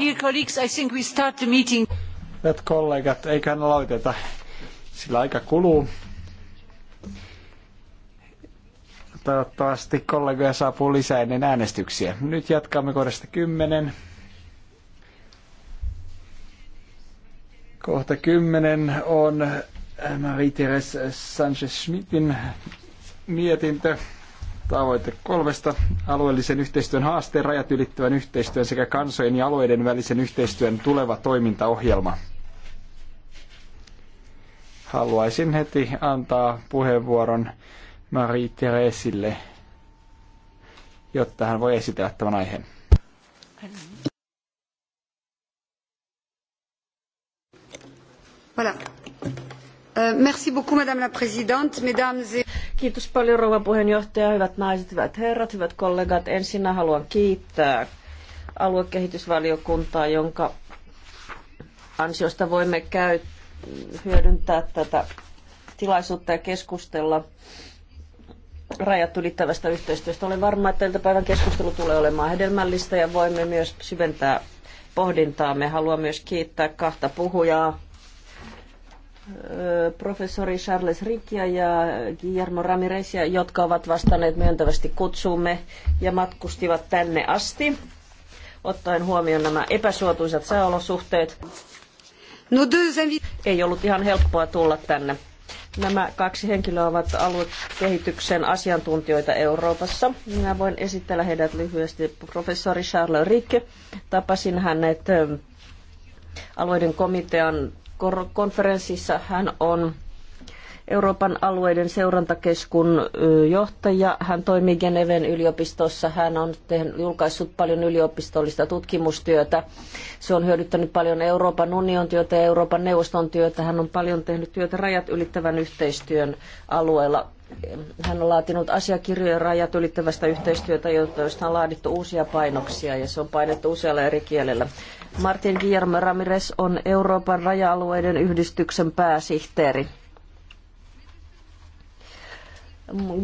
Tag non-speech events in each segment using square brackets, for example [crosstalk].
Dear colleagues, I think we start the meeting. Hyvät kollegat, eiköhän aloiteta, sillä aika kuluu. Toivottavasti kollegoja saapuu lisää ennen äänestyksiä. Nyt jatkamme kohdasta 10. Kohta 10 on marie thérèse Sanchez-Schmidtin mietintö tavoite kolmesta, alueellisen yhteistyön haasteen, rajat ylittävän yhteistyön sekä kansojen ja alueiden välisen yhteistyön tuleva toimintaohjelma. Haluaisin heti antaa puheenvuoron Marie-Theresille, jotta hän voi esitellä tämän aiheen. Voilà. Euh, Kiitos paljon rouva puheenjohtaja, hyvät naiset, hyvät herrat, hyvät kollegat. Ensinnä haluan kiittää aluekehitysvaliokuntaa, jonka ansiosta voimme käy, hyödyntää tätä tilaisuutta ja keskustella rajat ylittävästä yhteistyöstä. Olen varma, että tältä päivän keskustelu tulee olemaan hedelmällistä ja voimme myös syventää pohdintaa. Me haluan myös kiittää kahta puhujaa, professori Charles Rikia ja Guillermo Ramirez jotka ovat vastanneet myöntävästi kutsuumme ja matkustivat tänne asti, ottaen huomioon nämä epäsuotuisat sääolosuhteet. Ei ollut ihan helppoa tulla tänne. Nämä kaksi henkilöä ovat aluekehityksen asiantuntijoita Euroopassa. Minä voin esitellä heidät lyhyesti. Professori Charles Rikke Tapasin hänet alueiden komitean konferenssissa hän on Euroopan alueiden seurantakeskun johtaja. Hän toimii Geneven yliopistossa. Hän on tehnyt, julkaissut paljon yliopistollista tutkimustyötä. Se on hyödyttänyt paljon Euroopan union työtä ja Euroopan neuvoston työtä. Hän on paljon tehnyt työtä rajat ylittävän yhteistyön alueella. Hän on laatinut asiakirjoja rajat ylittävästä yhteistyötä, joista on laadittu uusia painoksia ja se on painettu usealla eri kielellä. Martin Guillermo Ramirez on Euroopan raja-alueiden yhdistyksen pääsihteeri.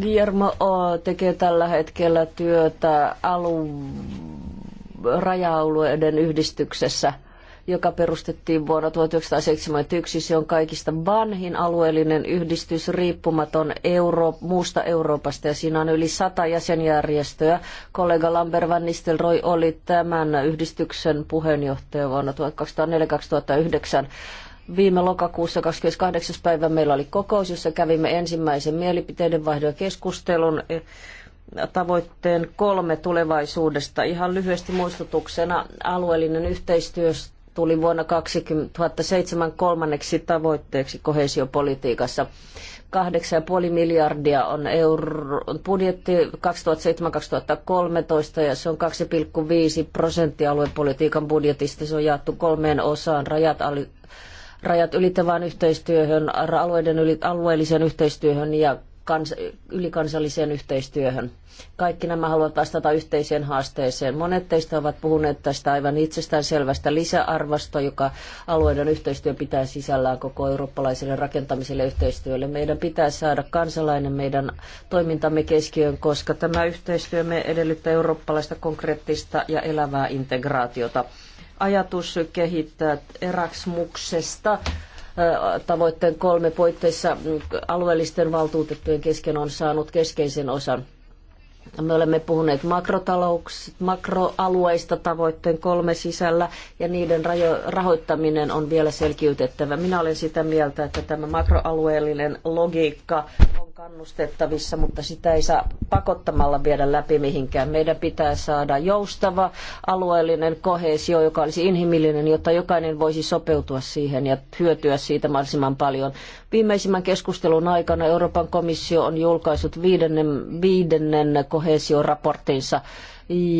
Guillermo tekee tällä hetkellä työtä alu raja-alueiden yhdistyksessä – joka perustettiin vuonna 1971. Se on kaikista vanhin alueellinen yhdistys, riippumaton Euro, muusta Euroopasta, ja siinä on yli sata jäsenjärjestöä. Kollega Lambert Van Nistelrooy oli tämän yhdistyksen puheenjohtaja vuonna 2004-2009 viime lokakuussa 28. päivä meillä oli kokous, jossa kävimme ensimmäisen mielipiteiden vaihdon ja keskustelun tavoitteen kolme tulevaisuudesta. Ihan lyhyesti muistutuksena alueellinen yhteistyö tuli vuonna 2007 kolmanneksi tavoitteeksi kohesiopolitiikassa. 8,5 miljardia on euro, budjetti 2007-2013 ja se on 2,5 prosenttia aluepolitiikan budjetista. Se on jaettu kolmeen osaan rajat, rajat ylittävään yhteistyöhön, alueiden alueelliseen yhteistyöhön ja kans, ylikansalliseen yhteistyöhön. Kaikki nämä haluavat vastata yhteiseen haasteeseen. Monet teistä ovat puhuneet tästä aivan itsestäänselvästä lisäarvosta, joka alueiden yhteistyö pitää sisällään koko eurooppalaiselle rakentamiselle yhteistyölle. Meidän pitää saada kansalainen meidän toimintamme keskiöön, koska tämä yhteistyö me edellyttää eurooppalaista konkreettista ja elävää integraatiota. Ajatus kehittää Erasmuksesta tavoitteen kolme puitteissa alueellisten valtuutettujen kesken on saanut keskeisen osan. Me olemme puhuneet makroalueista tavoitteen kolme sisällä ja niiden rajo- rahoittaminen on vielä selkiytettävä. Minä olen sitä mieltä, että tämä makroalueellinen logiikka on kannustettavissa, mutta sitä ei saa pakottamalla viedä läpi mihinkään. Meidän pitää saada joustava alueellinen kohesio, joka olisi inhimillinen, jotta jokainen voisi sopeutua siihen ja hyötyä siitä mahdollisimman paljon. Viimeisimmän keskustelun aikana Euroopan komissio on julkaissut viidennen, viidennen kohesioraporttinsa,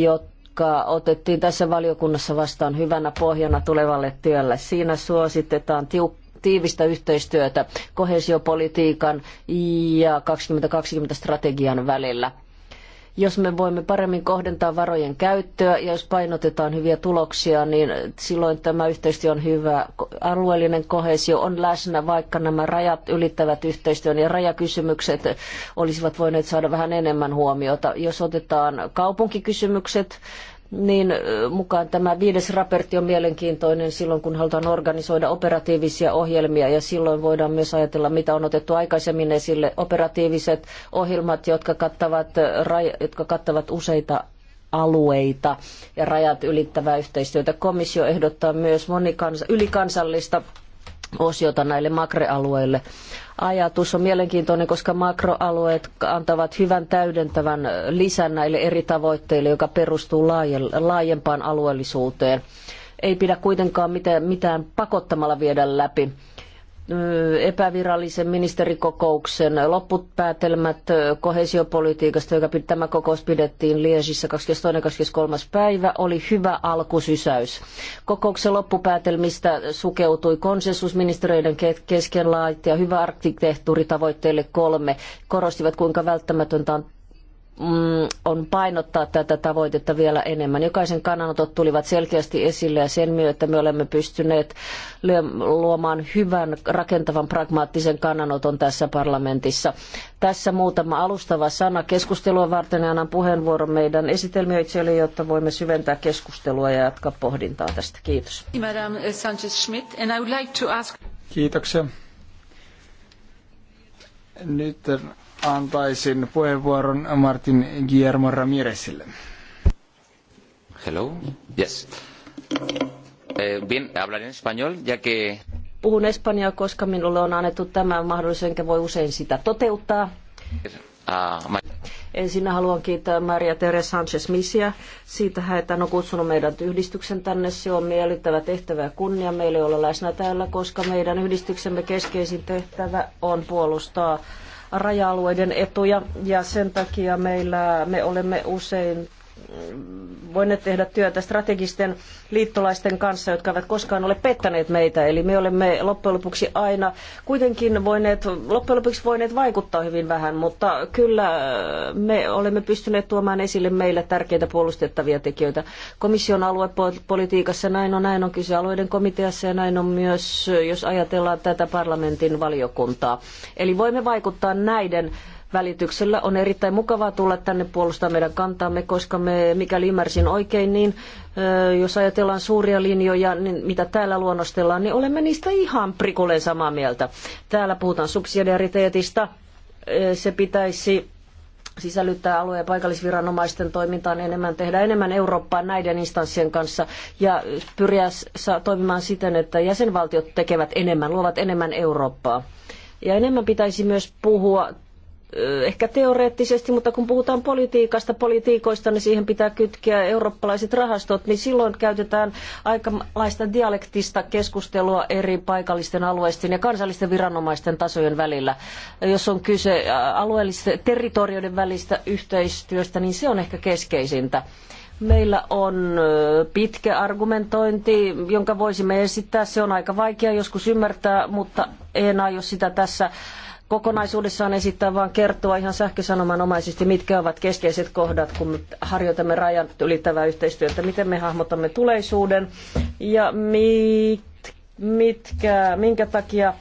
jotka otettiin tässä valiokunnassa vastaan hyvänä pohjana tulevalle työlle. Siinä suositetaan tiivistä yhteistyötä kohesiopolitiikan ja 2020 strategian välillä. Jos me voimme paremmin kohdentaa varojen käyttöä ja jos painotetaan hyviä tuloksia, niin silloin tämä yhteistyö on hyvä. Alueellinen kohesio on läsnä, vaikka nämä rajat ylittävät yhteistyön ja rajakysymykset olisivat voineet saada vähän enemmän huomiota. Jos otetaan kaupunkikysymykset, niin mukaan tämä viides raportti on mielenkiintoinen silloin, kun halutaan organisoida operatiivisia ohjelmia ja silloin voidaan myös ajatella, mitä on otettu aikaisemmin esille, operatiiviset ohjelmat, jotka kattavat, jotka kattavat useita alueita ja rajat ylittävää yhteistyötä. Komissio ehdottaa myös monikansa, ylikansallista osiota näille makrealueille ajatus on mielenkiintoinen, koska makroalueet antavat hyvän täydentävän lisän näille eri tavoitteille, joka perustuu laajempaan alueellisuuteen. Ei pidä kuitenkaan mitään pakottamalla viedä läpi epävirallisen ministerikokouksen loppupäätelmät kohesiopolitiikasta, joka tämä kokous pidettiin Liesissä 22.–23. päivä, oli hyvä alkusysäys. Kokouksen loppupäätelmistä sukeutui konsensus ministereiden kesken laajat ja hyvä arkkitehtuuri tavoitteelle kolme korostivat, kuinka välttämätöntä on Mm, on painottaa tätä tavoitetta vielä enemmän. Jokaisen kannanotot tulivat selkeästi esille ja sen myötä me olemme pystyneet luomaan hyvän, rakentavan, pragmaattisen kannanoton tässä parlamentissa. Tässä muutama alustava sana keskustelua varten ja annan puheenvuoron meidän esitelmiöitsijälle, jotta voimme syventää keskustelua ja jatkaa pohdintaa tästä. Kiitos. Kiitoksia. Nyt antaisin puheenvuoron Martin Guillermo Ramirezille. Hello. Yes. Eh, bien, hablaré en español, ya que... Puhun espanjaa, koska minulle on annettu tämä mahdollisuus, enkä voi usein sitä toteuttaa. Ah, Ensin haluan kiittää Maria Teresa Sanchez Misiä siitä, että hän on kutsunut meidät yhdistyksen tänne. Se on miellyttävä tehtävä ja kunnia meille olla läsnä täällä, koska meidän yhdistyksemme keskeisin tehtävä on puolustaa raja-alueiden etuja ja sen takia meillä, me olemme usein voineet tehdä työtä strategisten liittolaisten kanssa, jotka eivät koskaan ole pettäneet meitä. Eli me olemme loppujen lopuksi aina kuitenkin voineet, loppujen lopuksi voineet vaikuttaa hyvin vähän, mutta kyllä me olemme pystyneet tuomaan esille meille tärkeitä puolustettavia tekijöitä. Komission aluepolitiikassa näin on, näin on kyse alueiden komiteassa ja näin on myös, jos ajatellaan tätä parlamentin valiokuntaa. Eli voimme vaikuttaa näiden välityksellä. On erittäin mukavaa tulla tänne puolustamaan meidän kantaamme, koska me, mikäli ymmärsin oikein, niin jos ajatellaan suuria linjoja, niin mitä täällä luonnostellaan, niin olemme niistä ihan prikulleen samaa mieltä. Täällä puhutaan subsidiariteetista, se pitäisi sisällyttää alue- ja paikallisviranomaisten toimintaan enemmän, tehdä enemmän Eurooppaa näiden instanssien kanssa ja pyriä toimimaan siten, että jäsenvaltiot tekevät enemmän, luovat enemmän Eurooppaa. Ja enemmän pitäisi myös puhua ehkä teoreettisesti, mutta kun puhutaan politiikasta, politiikoista, niin siihen pitää kytkeä eurooppalaiset rahastot, niin silloin käytetään aikalaista dialektista keskustelua eri paikallisten alueisten ja kansallisten viranomaisten tasojen välillä. Jos on kyse alueellisten territorioiden välistä yhteistyöstä, niin se on ehkä keskeisintä. Meillä on pitkä argumentointi, jonka voisimme esittää. Se on aika vaikea joskus ymmärtää, mutta en aio sitä tässä kokonaisuudessaan esittää, vaan kertoa ihan sähkösanomanomaisesti, mitkä ovat keskeiset kohdat, kun harjoitamme rajan ylittävää yhteistyötä, miten me hahmotamme tuleisuuden ja mit, mitkä, minkä takia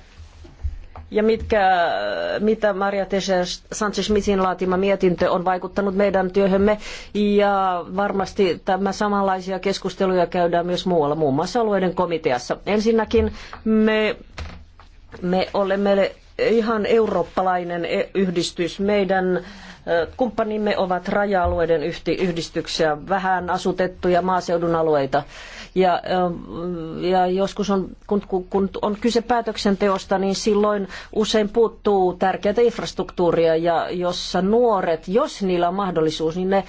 ja mitkä, mitä Maria Teixeira Sanchez-Misin laatima mietintö on vaikuttanut meidän työhömme. Ja varmasti tämä samanlaisia keskusteluja käydään myös muualla, muun muassa alueiden komiteassa. Ensinnäkin me, me olemme ihan eurooppalainen e- yhdistys. Meidän kumppanimme ovat raja-alueiden yhdistyksiä, vähän asutettuja maaseudun alueita. Ja, ähm, ja joskus on, kun, kun on kyse päätöksenteosta, niin silloin usein puuttuu tärkeitä infrastruktuuria, ja jossa nuoret, jos niillä on mahdollisuus, niin ne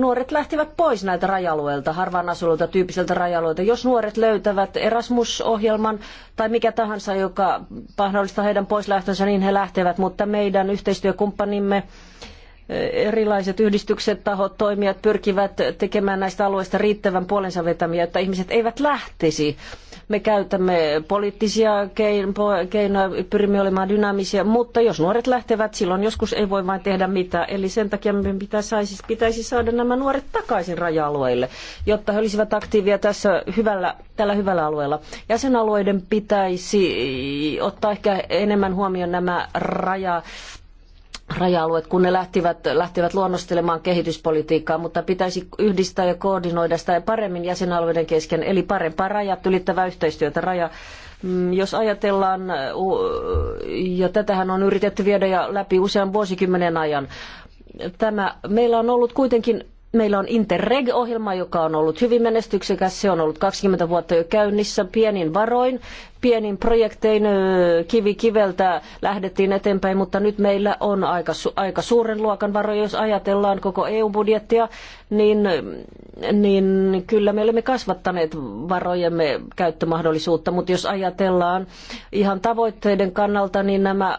nuoret lähtivät pois näiltä rajalueilta, harvaan asuilta tyyppiseltä rajalueilta. Jos nuoret löytävät Erasmus-ohjelman tai mikä tahansa, joka mahdollistaa heidän poislähtönsä, niin he lähtevät, mutta meidän yhteistyökumppanimme erilaiset yhdistykset, tahot, toimijat pyrkivät tekemään näistä alueista riittävän puolensa vetämiä, että ihmiset eivät lähtisi. Me käytämme poliittisia keinoja, pyrimme olemaan dynaamisia, mutta jos nuoret lähtevät, silloin joskus ei voi vain tehdä mitään. Eli sen takia me pitäisi, pitäisi saada nämä nuoret takaisin raja-alueille, jotta he olisivat aktiivia tässä hyvällä, tällä hyvällä alueella. Jäsenalueiden pitäisi ottaa ehkä enemmän huomioon nämä raja raja-alueet, kun ne lähtivät, lähtivät luonnostelemaan kehityspolitiikkaa, mutta pitäisi yhdistää ja koordinoida sitä paremmin jäsenalueiden kesken, eli parempaa rajat ylittävää yhteistyötä. Raja, mm, jos ajatellaan, ja tätähän on yritetty viedä läpi usean vuosikymmenen ajan, tämä, meillä on ollut kuitenkin Meillä on Interreg-ohjelma, joka on ollut hyvin menestyksekäs. Se on ollut 20 vuotta jo käynnissä pienin varoin, pienin projektein kivi kiveltä lähdettiin eteenpäin, mutta nyt meillä on aika, aika suuren luokan varoja, jos ajatellaan koko EU-budjettia, niin, niin kyllä me olemme kasvattaneet varojemme käyttömahdollisuutta, mutta jos ajatellaan ihan tavoitteiden kannalta, niin nämä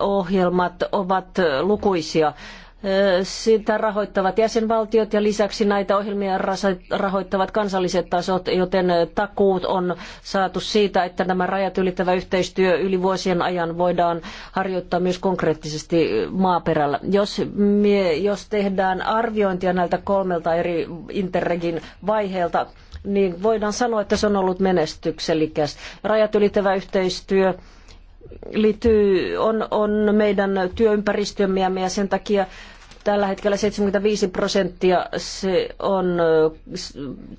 ohjelmat ovat lukuisia sitä rahoittavat jäsenvaltiot ja lisäksi näitä ohjelmia rahoittavat kansalliset tasot, joten takuut on saatu siitä, että nämä rajat ylittävä yhteistyö yli vuosien ajan voidaan harjoittaa myös konkreettisesti maaperällä. Jos, me, jos tehdään arviointia näiltä kolmelta eri Interregin vaiheelta, niin voidaan sanoa, että se on ollut menestykselikäs. Rajat ylittävä yhteistyö liittyy, on, on meidän työympäristömme ja sen takia Tällä hetkellä 75 prosenttia, se on,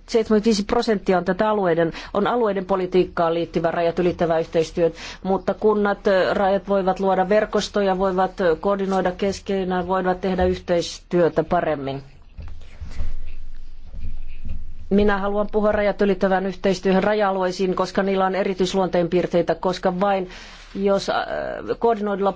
75 prosenttia on tätä alueiden, on alueiden politiikkaan liittyvä rajat ylittävä yhteistyö, mutta kunnat, eh, rajat voivat luoda verkostoja, voivat koordinoida keskenään, voivat tehdä yhteistyötä paremmin. Minä haluan puhua rajat ylittävän yhteistyöhön raja-alueisiin, koska niillä on erityisluonteen piirteitä, koska vain jos äh, koordinoidulla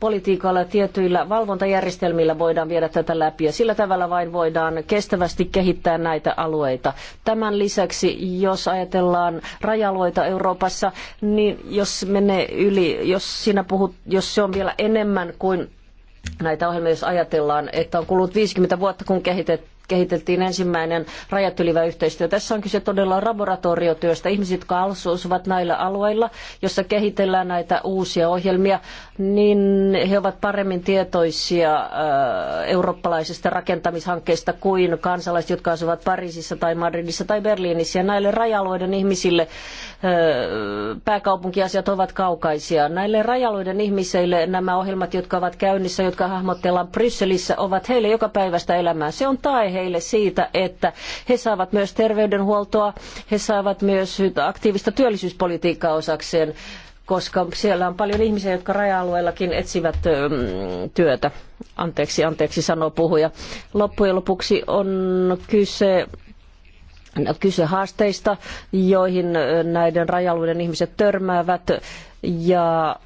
politiikalla tietyillä valvontajärjestelmillä voidaan viedä tätä läpi ja sillä tavalla vain voidaan kestävästi kehittää näitä alueita. Tämän lisäksi, jos ajatellaan raja-alueita Euroopassa, niin jos menee yli, jos, sinä puhut, jos se on vielä enemmän kuin näitä ohjelmia, jos ajatellaan, että on kulunut 50 vuotta, kun kehitetty kehiteltiin ensimmäinen rajat ylivä yhteistyö. Tässä on kyse todella laboratoriotyöstä. Ihmiset, jotka asuvat näillä alueilla, jossa kehitellään näitä uusia ohjelmia, niin he ovat paremmin tietoisia äh, eurooppalaisista rakentamishankkeista kuin kansalaiset, jotka asuvat Pariisissa tai Madridissa tai Berliinissä. Ja näille raja-alueiden ihmisille äh, pääkaupunkiasiat ovat kaukaisia. Näille raja-alueiden ihmisille nämä ohjelmat, jotka ovat käynnissä, jotka hahmotellaan Brysselissä, ovat heille joka päivästä elämää. Se on tae heille siitä, että he saavat myös terveydenhuoltoa, he saavat myös aktiivista työllisyyspolitiikkaa osakseen, koska siellä on paljon ihmisiä, jotka raja-alueillakin etsivät mm, työtä. Anteeksi, anteeksi, sanoo puhuja. Loppujen lopuksi on kyse no, kyse haasteista, joihin näiden rajaluiden ihmiset törmäävät ja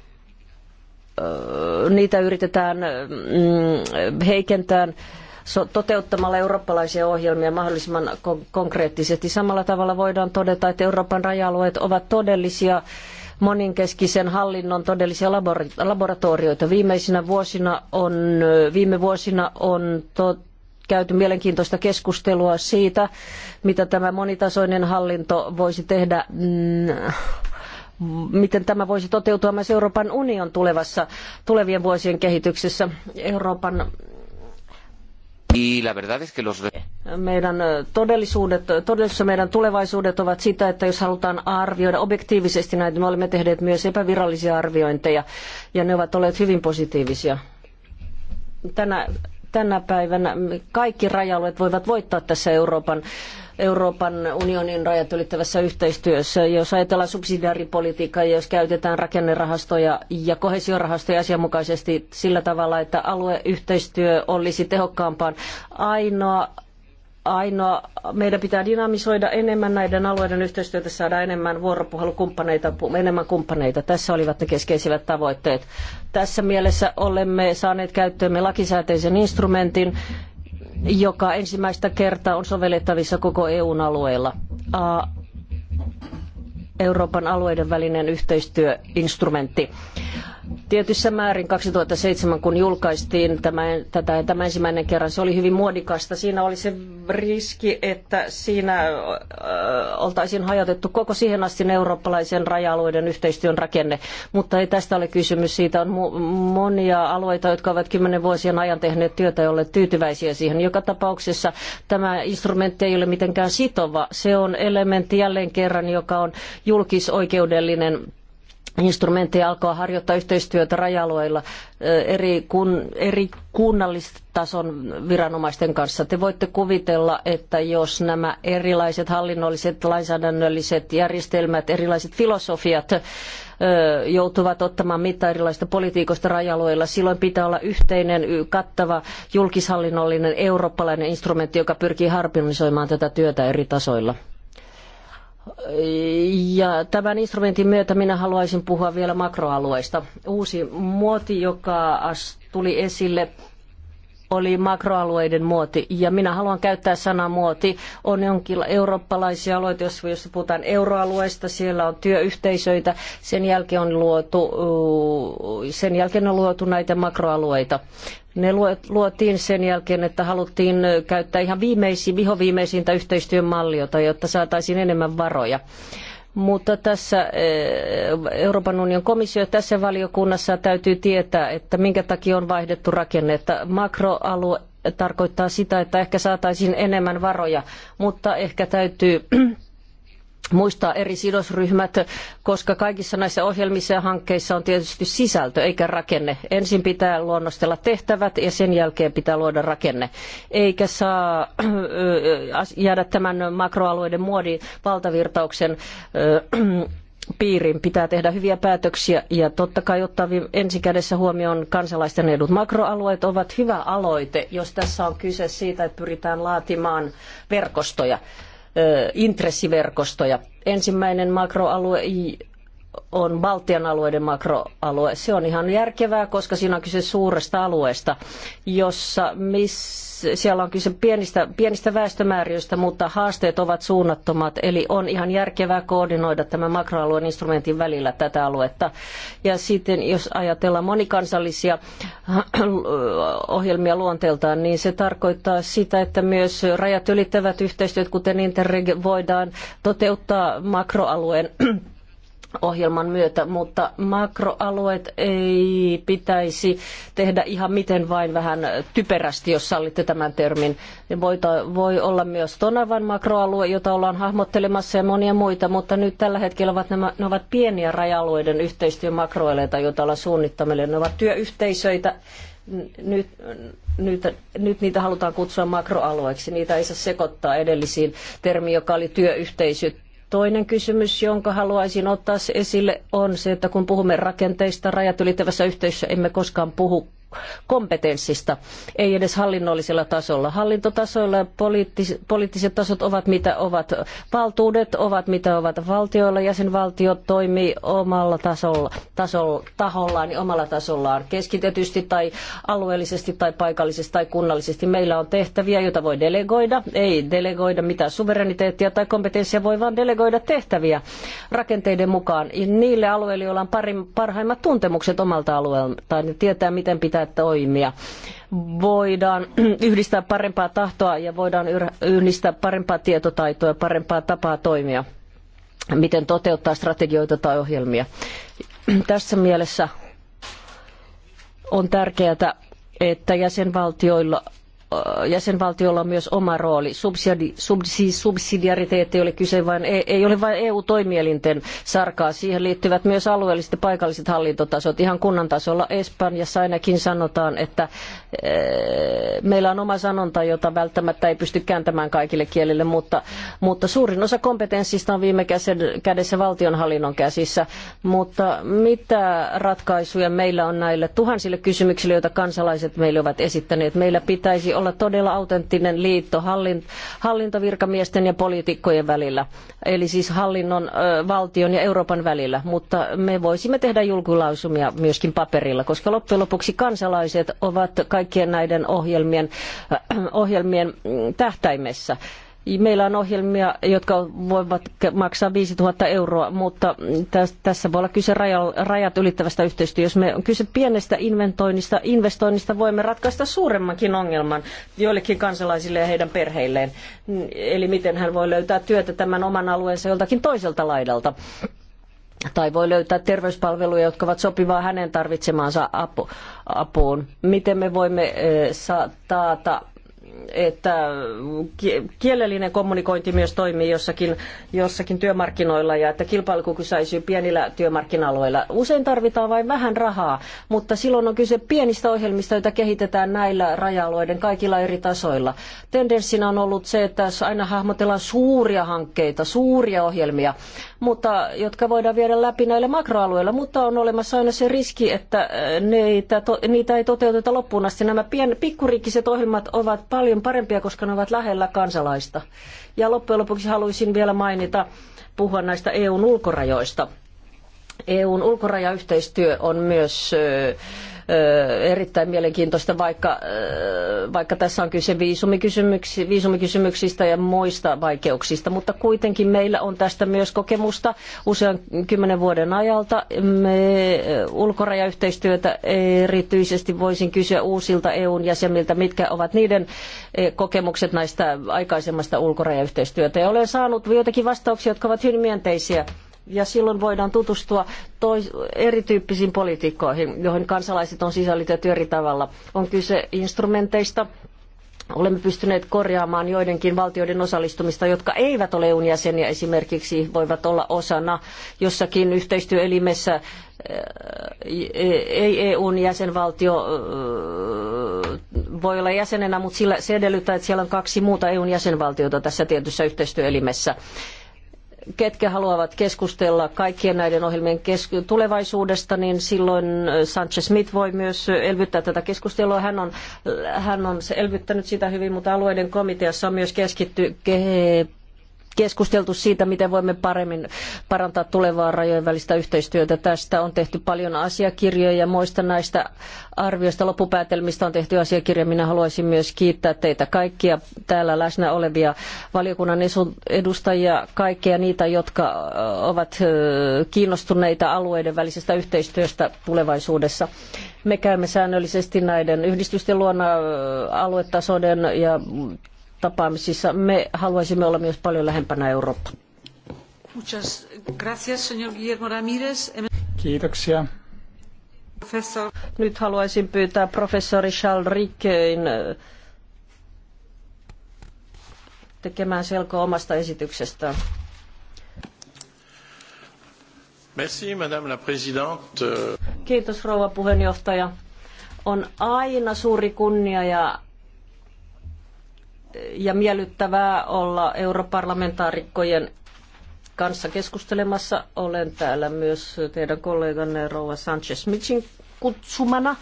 niitä yritetään mm, heikentää toteuttamalla eurooppalaisia ohjelmia mahdollisimman konkreettisesti. Samalla tavalla voidaan todeta, että Euroopan raja-alueet ovat todellisia moninkeskisen hallinnon todellisia laboratorioita. Viimeisinä vuosina on, viime vuosina on to, käyty mielenkiintoista keskustelua siitä, mitä tämä monitasoinen hallinto voisi tehdä mm, miten tämä voisi toteutua myös Euroopan union tulevassa, tulevien vuosien kehityksessä. Euroopan meidän todellisuudet, todellisuudessa meidän tulevaisuudet ovat sitä, että jos halutaan arvioida objektiivisesti näitä, me olemme tehneet myös epävirallisia arviointeja ja ne ovat olleet hyvin positiivisia. Tänä, tänä päivänä kaikki raja voivat voittaa tässä Euroopan Euroopan unionin rajat ylittävässä yhteistyössä. Jos ajatellaan subsidiaripolitiikkaa, jos käytetään rakennerahastoja ja kohesiorahastoja asianmukaisesti sillä tavalla, että alueyhteistyö olisi tehokkaampaan ainoa ainoa, meidän pitää dynamisoida enemmän näiden alueiden yhteistyötä, saada enemmän vuoropuhelukumppaneita, enemmän kumppaneita. Tässä olivat ne keskeisivät tavoitteet. Tässä mielessä olemme saaneet käyttöömme lakisääteisen instrumentin, joka ensimmäistä kertaa on sovellettavissa koko EUn alueella. Euroopan alueiden välinen yhteistyöinstrumentti tietyssä määrin 2007, kun julkaistiin tämä, tätä, tämä ensimmäinen kerran, se oli hyvin muodikasta. Siinä oli se riski, että siinä ö, oltaisiin hajotettu koko siihen asti eurooppalaisen raja-alueiden yhteistyön rakenne. Mutta ei tästä ole kysymys. Siitä on monia alueita, jotka ovat kymmenen vuosien ajan tehneet työtä ja olleet tyytyväisiä siihen. Joka tapauksessa tämä instrumentti ei ole mitenkään sitova. Se on elementti jälleen kerran, joka on julkisoikeudellinen instrumentti alkaa harjoittaa yhteistyötä rajalueilla eh, eri, kun, eri kunnallistason viranomaisten kanssa. Te voitte kuvitella, että jos nämä erilaiset hallinnolliset, lainsäädännölliset järjestelmät, erilaiset filosofiat eh, joutuvat ottamaan mittaa erilaisista politiikoista rajalueilla. Silloin pitää olla yhteinen, kattava, julkishallinnollinen, eurooppalainen instrumentti, joka pyrkii harmonisoimaan tätä työtä eri tasoilla. Ja tämän instrumentin myötä minä haluaisin puhua vielä makroalueista. Uusi muoti, joka tuli esille oli makroalueiden muoti. Ja minä haluan käyttää sanaa muoti. On jonkin eurooppalaisia aloita, jos, puhutaan euroalueesta, siellä on työyhteisöitä. Sen jälkeen on luotu, uh, sen jälkeen on luotu näitä makroalueita. Ne luotiin sen jälkeen, että haluttiin käyttää ihan viimeisiin, vihoviimeisintä yhteistyön malliota, jotta saataisiin enemmän varoja. Mutta tässä eh, Euroopan unionin komissio tässä valiokunnassa täytyy tietää, että minkä takia on vaihdettu rakennetta. Makroalue tarkoittaa sitä, että ehkä saataisiin enemmän varoja, mutta ehkä täytyy muistaa eri sidosryhmät, koska kaikissa näissä ohjelmissa ja hankkeissa on tietysti sisältö eikä rakenne. Ensin pitää luonnostella tehtävät ja sen jälkeen pitää luoda rakenne. Eikä saa äh, jäädä tämän makroalueiden muodin valtavirtauksen äh, piiriin pitää tehdä hyviä päätöksiä ja totta kai ottaa ensikädessä huomioon kansalaisten edut. Makroalueet ovat hyvä aloite, jos tässä on kyse siitä, että pyritään laatimaan verkostoja intressiverkostoja. Ensimmäinen makroalue on Baltian alueiden makroalue. Se on ihan järkevää, koska siinä on kyse suuresta alueesta, jossa missä siellä on kyse pienistä, pienistä väestömääriöistä, mutta haasteet ovat suunnattomat, eli on ihan järkevää koordinoida tämän makroalueen instrumentin välillä tätä aluetta. Ja sitten jos ajatellaan monikansallisia [clears throat] ohjelmia luonteeltaan, niin se tarkoittaa sitä, että myös rajat ylittävät yhteistyöt, kuten Interreg, voidaan toteuttaa makroalueen [clears throat] ohjelman myötä, mutta makroalueet ei pitäisi tehdä ihan miten vain vähän typerästi, jos sallitte tämän termin. Voi, olla myös Tonavan makroalue, jota ollaan hahmottelemassa ja monia muita, mutta nyt tällä hetkellä ovat nämä, ne ovat pieniä raja-alueiden yhteistyömakroeleita, joita ollaan suunnittamille. Ne ovat työyhteisöitä, nyt, nyt, nyt niitä halutaan kutsua makroalueiksi. Niitä ei saa sekoittaa edellisiin termiin, joka oli työyhteisö, Toinen kysymys, jonka haluaisin ottaa esille, on se, että kun puhumme rakenteista rajat ylittävässä yhteisössä, emme koskaan puhu kompetenssista, ei edes hallinnollisella tasolla. Hallintotasoilla ja poliittis poliittiset tasot ovat mitä ovat. Valtuudet ovat mitä ovat valtioilla. Jäsenvaltio toimii omalla tasolla, tasolla tahollaan ja omalla tasollaan keskitetysti tai alueellisesti tai paikallisesti tai kunnallisesti. Meillä on tehtäviä, joita voi delegoida. Ei delegoida mitään suvereniteettia tai kompetenssia, voi vain delegoida tehtäviä rakenteiden mukaan. Niille alueille, joilla on parhaimmat tuntemukset omalta alueeltaan, tietää miten pitää yhdistää toimia. Voidaan [clears throat] yhdistää parempaa tahtoa ja voidaan yhdistää parempaa tietotaitoa ja parempaa tapaa toimia, miten toteuttaa strategioita tai ohjelmia. [clears throat] Tässä mielessä on tärkeää, että jäsenvaltioilla Äh, jäsenvaltiolla on myös oma rooli. Subsidi, sub, siis subsidiariteetti ei ole kyse vain, ei, ei ole vain EU-toimielinten sarkaa. Siihen liittyvät myös alueelliset ja paikalliset hallintotasot. Ihan kunnan tasolla Espanjassa ainakin sanotaan, että e, meillä on oma sanonta, jota välttämättä ei pysty kääntämään kaikille kielille, mutta, mutta suurin osa kompetenssista on viime kädessä valtionhallinnon käsissä. Mutta mitä ratkaisuja meillä on näille tuhansille kysymyksille, joita kansalaiset meille ovat esittäneet? Meillä pitäisi olla todella autenttinen liitto hallintovirkamiesten ja poliitikkojen välillä, eli siis hallinnon, valtion ja Euroopan välillä, mutta me voisimme tehdä julkilausumia myöskin paperilla, koska loppujen lopuksi kansalaiset ovat kaikkien näiden ohjelmien, ohjelmien mm, tähtäimessä. Meillä on ohjelmia, jotka voivat maksaa 5000 euroa, mutta tässä voi olla kyse rajat ylittävästä yhteistyöstä. Jos me on kyse pienestä inventoinnista, investoinnista, voimme ratkaista suuremmankin ongelman joillekin kansalaisille ja heidän perheilleen. Eli miten hän voi löytää työtä tämän oman alueensa joltakin toiselta laidalta tai voi löytää terveyspalveluja, jotka ovat sopivaa hänen tarvitsemaansa apuun. Miten me voimme taata että kielellinen kommunikointi myös toimii jossakin, jossakin työmarkkinoilla ja että kilpailukyky saisi pienillä työmarkkinaloilla Usein tarvitaan vain vähän rahaa, mutta silloin on kyse pienistä ohjelmista, joita kehitetään näillä raja-alueiden kaikilla eri tasoilla. Tendenssinä on ollut se, että aina hahmotellaan suuria hankkeita, suuria ohjelmia, mutta jotka voidaan viedä läpi näillä makroalueilla, mutta on olemassa aina se riski, että äh, niitä, niitä ei toteuteta loppuun asti. Nämä pien, pikkuriikkiset ohjelmat ovat paljon parempia, koska ne ovat lähellä kansalaista. Ja loppujen lopuksi haluaisin vielä mainita puhua näistä EUn ulkorajoista. EUn ulkorajayhteistyö on myös äh, erittäin mielenkiintoista, vaikka, vaikka tässä on kyse viisumikysymyksi, viisumikysymyksistä ja muista vaikeuksista. Mutta kuitenkin meillä on tästä myös kokemusta usean kymmenen vuoden ajalta. Me ulkorajayhteistyötä erityisesti voisin kysyä uusilta EUn jäseniltä, mitkä ovat niiden kokemukset näistä aikaisemmasta ulkorajayhteistyötä. Ja olen saanut joitakin vastauksia, jotka ovat hyvin myönteisiä ja silloin voidaan tutustua tois, erityyppisiin politiikkoihin, joihin kansalaiset on sisällytetty eri tavalla. On kyse instrumenteista, olemme pystyneet korjaamaan joidenkin valtioiden osallistumista, jotka eivät ole EUn jäseniä esimerkiksi, voivat olla osana jossakin yhteistyöelimessä, e-, ei EUn jäsenvaltio voi olla jäsenenä, mutta sillä, se edellyttää, että siellä on kaksi muuta EUn jäsenvaltiota tässä tietyssä yhteistyöelimessä ketkä haluavat keskustella kaikkien näiden ohjelmien tulevaisuudesta, niin silloin äh, Sanchez Smith voi myös elvyttää tätä keskustelua. Hän on, äh, hän on elvyttänyt sitä hyvin, mutta alueiden komiteassa on myös keskitty keskusteltu siitä, miten voimme paremmin parantaa tulevaa rajojen välistä yhteistyötä. Tästä on tehty paljon asiakirjoja ja muista näistä arvioista loppupäätelmistä on tehty asiakirja. Minä haluaisin myös kiittää teitä kaikkia täällä läsnä olevia valiokunnan edustajia, kaikkia niitä, jotka ovat kiinnostuneita alueiden välisestä yhteistyöstä tulevaisuudessa. Me käymme säännöllisesti näiden yhdistysten luona aluetasoiden ja tapaamisissa. Me haluaisimme olla myös paljon lähempänä Eurooppaa. Kiitoksia. Nyt haluaisin pyytää professori Charles Rickein äh, tekemään selkoa omasta esityksestään. Merci, madame la présidente. Kiitos rouva puheenjohtaja. On aina suuri kunnia ja ja miellyttävää olla europarlamentaarikkojen kanssa keskustelemassa. Olen täällä myös teidän kolleganne Rova Sanchez-Mitchin kutsumana.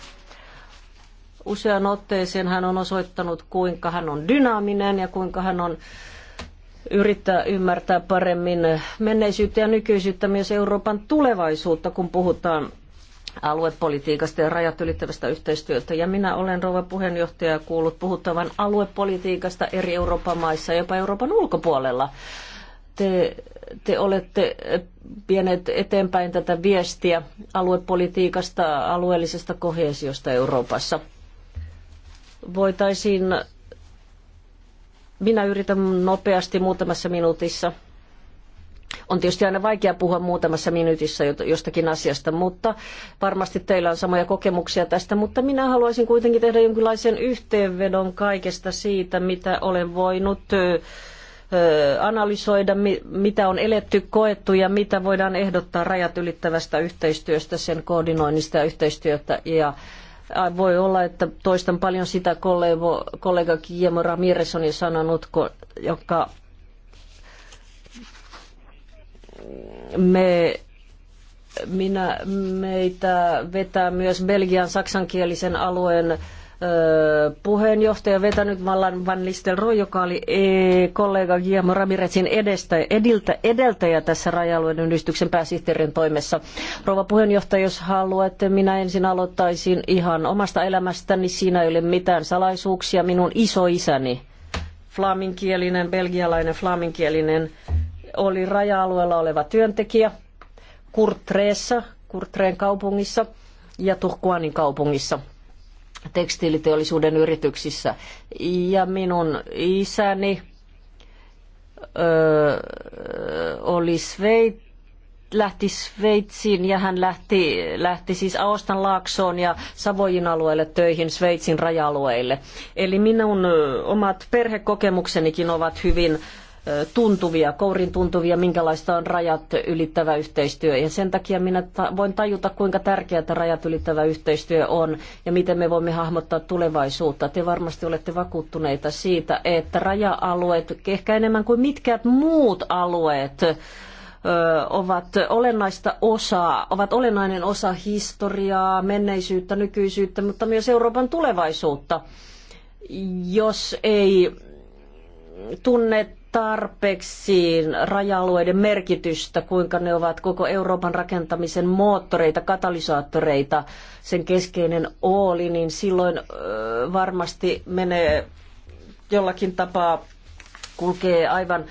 Usean otteeseen hän on osoittanut, kuinka hän on dynaaminen ja kuinka hän on yrittää ymmärtää paremmin menneisyyttä ja nykyisyyttä myös Euroopan tulevaisuutta, kun puhutaan aluepolitiikasta ja rajat ylittävästä yhteistyöstä. Ja minä olen rouva puheenjohtaja kuullut puhuttavan aluepolitiikasta eri Euroopan maissa, jopa Euroopan ulkopuolella. Te, te olette vieneet eteenpäin tätä viestiä aluepolitiikasta, alueellisesta kohesiosta Euroopassa. Voitaisiin, minä yritän nopeasti muutamassa minuutissa – on tietysti aina vaikea puhua muutamassa minuutissa jostakin asiasta, mutta varmasti teillä on samoja kokemuksia tästä. Mutta minä haluaisin kuitenkin tehdä jonkinlaisen yhteenvedon kaikesta siitä, mitä olen voinut analysoida, mitä on eletty, koettu ja mitä voidaan ehdottaa rajat ylittävästä yhteistyöstä, sen koordinoinnista ja yhteistyötä. Ja voi olla, että toistan paljon sitä kollega Guillermo Ramirez on jo sanonut, joka me minä, meitä vetää myös Belgian saksankielisen alueen ö, puheenjohtaja vetänyt Vallan Van Listelro, joka oli e, kollega Guillermo Ramirezin edestä, ediltä, edeltäjä tässä raja yhdistyksen pääsihteerin toimessa. Rouva puheenjohtaja, jos haluatte, minä ensin aloittaisin ihan omasta elämästäni. Siinä ei ole mitään salaisuuksia. Minun isoisäni, flaminkielinen, belgialainen flaminkielinen oli raja-alueella oleva työntekijä Kurtreessa, Kurtreen kaupungissa ja Turkuanin kaupungissa tekstiiliteollisuuden yrityksissä. Ja minun isäni öö, oli Sveit, lähti Sveitsiin ja hän lähti, lähti siis Aostan laaksoon ja Savojin alueelle töihin Sveitsin raja-alueille. Eli minun omat perhekokemuksenikin ovat hyvin tuntuvia, kourin tuntuvia, minkälaista on rajat ylittävä yhteistyö. Ja sen takia minä voin tajuta, kuinka tärkeää rajat ylittävä yhteistyö on ja miten me voimme hahmottaa tulevaisuutta. Te varmasti olette vakuuttuneita siitä, että raja-alueet, ehkä enemmän kuin mitkään muut alueet, ovat olennaista osaa, ovat olennainen osa historiaa, menneisyyttä, nykyisyyttä, mutta myös Euroopan tulevaisuutta. Jos ei tunne tarpeeksi raja-alueiden merkitystä, kuinka ne ovat koko Euroopan rakentamisen moottoreita, katalysaattoreita, sen keskeinen ooli, niin silloin varmasti menee jollakin tapaa, kulkee aivan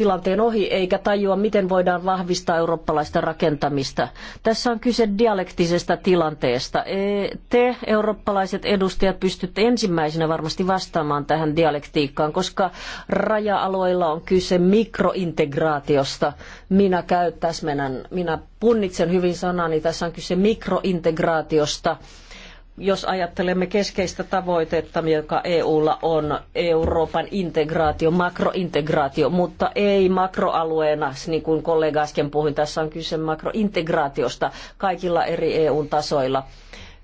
tilanteen ohi eikä tajua, miten voidaan vahvistaa eurooppalaista rakentamista. Tässä on kyse dialektisesta tilanteesta. E, te, eurooppalaiset edustajat, pystytte ensimmäisenä varmasti vastaamaan tähän dialektiikkaan, koska raja-alueilla on kyse mikrointegraatiosta. Minä käyn täsmenän, minä punnitsen hyvin sanani, tässä on kyse mikrointegraatiosta jos ajattelemme keskeistä tavoitetta, joka EUlla on, Euroopan integraatio, makrointegraatio, mutta ei makroalueena, niin kuin kollega äsken puhui tässä on kyse makrointegraatiosta kaikilla eri EUn tasoilla.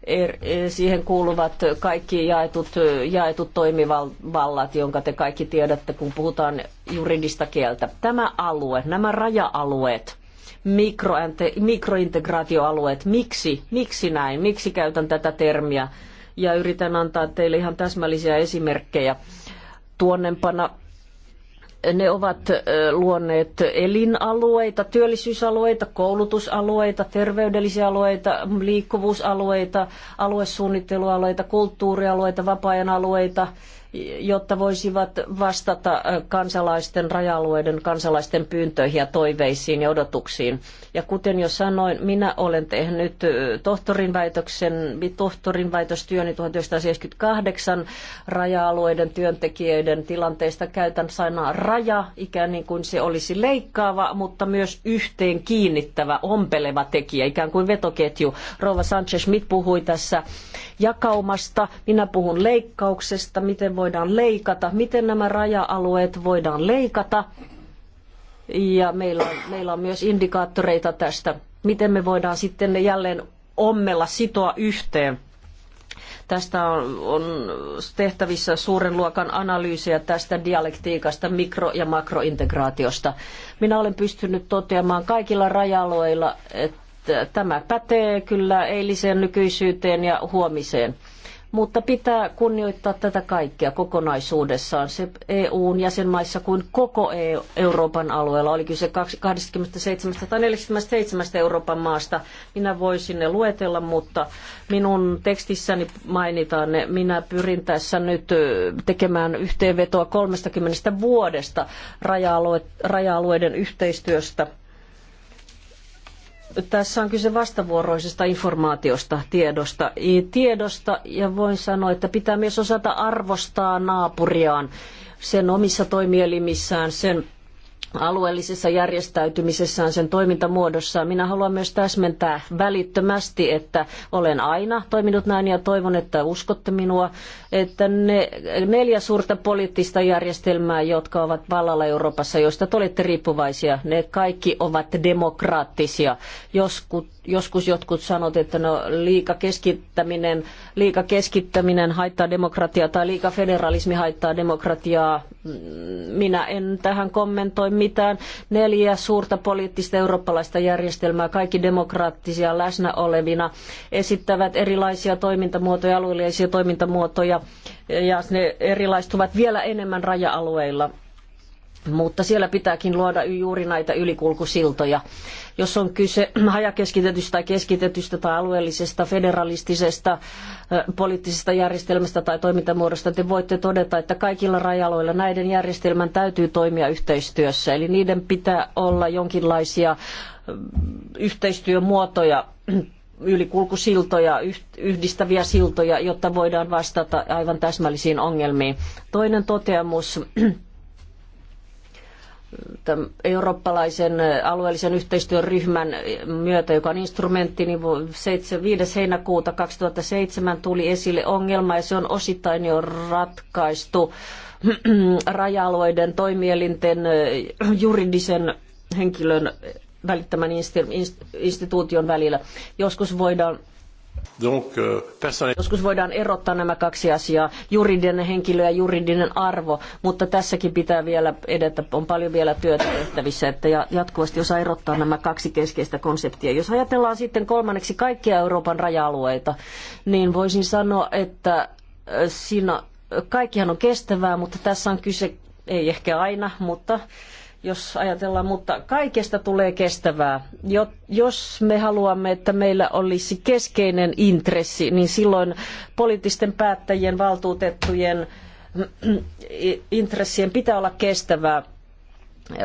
Er, eh, siihen kuuluvat kaikki jaetut, jaetut toimivallat, jonka te kaikki tiedätte, kun puhutaan juridista kieltä. Tämä alue, nämä raja-alueet, mikrointe, mikrointegraatioalueet. Miksi? Miksi näin? Miksi käytän tätä termiä? Ja yritän antaa teille ihan täsmällisiä esimerkkejä. Tuonnempana ne ovat luoneet elinalueita, työllisyysalueita, koulutusalueita, terveydellisiä alueita, liikkuvuusalueita, aluesuunnittelualueita, kulttuurialueita, vapaa-ajan alueita, jotta voisivat vastata kansalaisten raja-alueiden kansalaisten pyyntöihin ja toiveisiin ja odotuksiin. Ja kuten jo sanoin, minä olen tehnyt tohtorin väitöksen, tohtorin väitöstyöni 1978 raja-alueiden työntekijöiden tilanteesta. Käytän sanaa raja, ikään niin kuin se olisi leikkaava, mutta myös yhteen kiinnittävä, ompeleva tekijä, ikään kuin vetoketju. Rova Sanchez-Schmidt puhui tässä jakaumasta, minä puhun leikkauksesta, miten voidaan leikata, miten nämä raja-alueet voidaan leikata. Ja meillä on, meillä on myös indikaattoreita tästä, miten me voidaan sitten ne jälleen ommella sitoa yhteen. Tästä on, on tehtävissä suuren luokan analyysiä tästä dialektiikasta, mikro- ja makrointegraatiosta. Minä olen pystynyt toteamaan kaikilla raja-alueilla, että tämä pätee kyllä eiliseen nykyisyyteen ja huomiseen. Mutta pitää kunnioittaa tätä kaikkea kokonaisuudessaan, se EUn jäsenmaissa kuin koko e Euroopan alueella. Oli kyse 27 tai 47 Euroopan maasta. Minä voisin ne luetella, mutta minun tekstissäni mainitaan ne. Minä pyrin tässä nyt tekemään yhteenvetoa 30 vuodesta raja-alueiden yhteistyöstä – tässä on kyse vastavuoroisesta informaatiosta, tiedosta. Tiedosta ja voin sanoa, että pitää myös osata arvostaa naapuriaan sen omissa toimielimissään, sen alueellisessa järjestäytymisessään, sen toimintamuodossa. Minä haluan myös täsmentää välittömästi, että olen aina toiminut näin ja toivon, että uskotte minua että ne neljä suurta poliittista järjestelmää, jotka ovat vallalla Euroopassa, joista te olette riippuvaisia, ne kaikki ovat demokraattisia. Joskus, joskus jotkut sanot, että no, liika keskittäminen, liika keskittäminen haittaa demokratiaa tai liika federalismi haittaa demokratiaa. Minä en tähän kommentoi mitään. Neljä suurta poliittista eurooppalaista järjestelmää, kaikki demokraattisia läsnä olevina, esittävät erilaisia toimintamuotoja, alueellisia toimintamuotoja ja ne erilaistuvat vielä enemmän raja-alueilla. Mutta siellä pitääkin luoda juuri näitä ylikulkusiltoja. Jos on kyse [clears throat] hajakeskitetystä tai keskitetystä tai alueellisesta, federalistisesta, poliittisesta järjestelmästä tai toimintamuodosta, te voitte todeta, että kaikilla rajaloilla näiden järjestelmän täytyy toimia yhteistyössä. Eli niiden pitää olla jonkinlaisia yhteistyömuotoja ylikulkusiltoja, yhdistäviä siltoja, jotta voidaan vastata aivan täsmällisiin ongelmiin. Toinen toteamus [clears throat] eurooppalaisen alueellisen yhteistyön ryhmän myötä, joka on instrumentti, niin 5. heinäkuuta 2007 tuli esille ongelma ja se on osittain jo ratkaistu [clears throat] raja-alueiden toimielinten äh, [clears throat] juridisen henkilön välittämän instituution välillä. Joskus voidaan euh, Joskus voidaan erottaa nämä kaksi asiaa, juridinen henkilö ja juridinen arvo, mutta tässäkin pitää vielä edetä, on paljon vielä työtä tehtävissä, että jatkuvasti osaa erottaa nämä kaksi keskeistä konseptia. Jos ajatellaan sitten kolmanneksi kaikkia Euroopan raja-alueita, niin voisin sanoa, että siinä kaikkihan on kestävää, mutta tässä on kyse, ei ehkä aina, mutta jos ajatellaan, mutta kaikesta tulee kestävää. Jos me haluamme, että meillä olisi keskeinen intressi, niin silloin poliittisten päättäjien, valtuutettujen mm, intressien pitää olla kestävää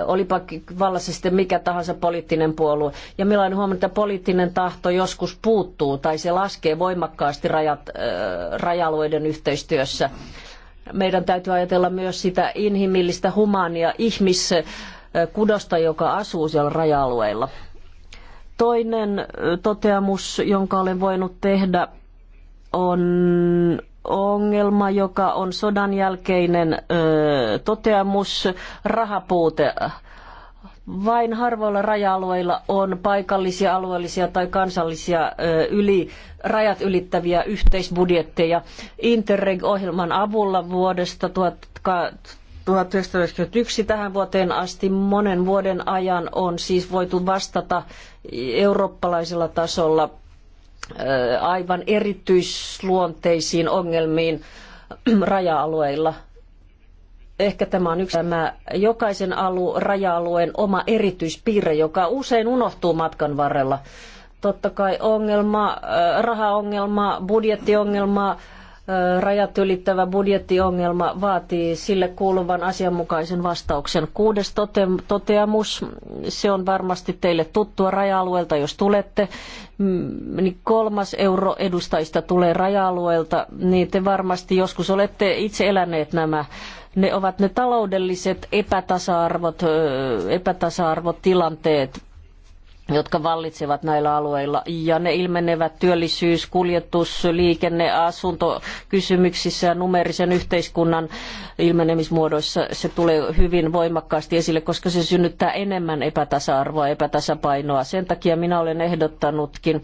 olipa vallassa sitten mikä tahansa poliittinen puolue. Ja meillä on huomannut, että poliittinen tahto joskus puuttuu tai se laskee voimakkaasti rajat, äh, raja-alueiden yhteistyössä meidän täytyy ajatella myös sitä inhimillistä humania ihmiskudosta, joka asuu siellä raja-alueilla. Toinen toteamus, jonka olen voinut tehdä, on ongelma, joka on sodan jälkeinen toteamus, rahapuute vain harvoilla raja-alueilla on paikallisia, alueellisia tai kansallisia yli, rajat ylittäviä yhteisbudjetteja. Interreg-ohjelman avulla vuodesta 1991 tähän vuoteen asti monen vuoden ajan on siis voitu vastata eurooppalaisella tasolla aivan erityisluonteisiin ongelmiin raja-alueilla ehkä tämä on yksi tämä jokaisen alu, raja-alueen oma erityispiirre, joka usein unohtuu matkan varrella. Totta kai ongelma, rahaongelma, budjettiongelma, rajat ylittävä budjettiongelma vaatii sille kuuluvan asianmukaisen vastauksen. Kuudes tote, toteamus, se on varmasti teille tuttua raja-alueelta, jos tulette. Mm, niin kolmas euro edustajista tulee raja-alueelta, niin te varmasti joskus olette itse eläneet nämä ne ovat ne taloudelliset epätasa-arvot, epätasa-arvot tilanteet jotka vallitsevat näillä alueilla. Ja ne ilmenevät työllisyys, kuljetus, liikenne, asuntokysymyksissä ja numerisen yhteiskunnan ilmenemismuodoissa. Se tulee hyvin voimakkaasti esille, koska se synnyttää enemmän epätasa-arvoa, epätasapainoa. Sen takia minä olen ehdottanutkin,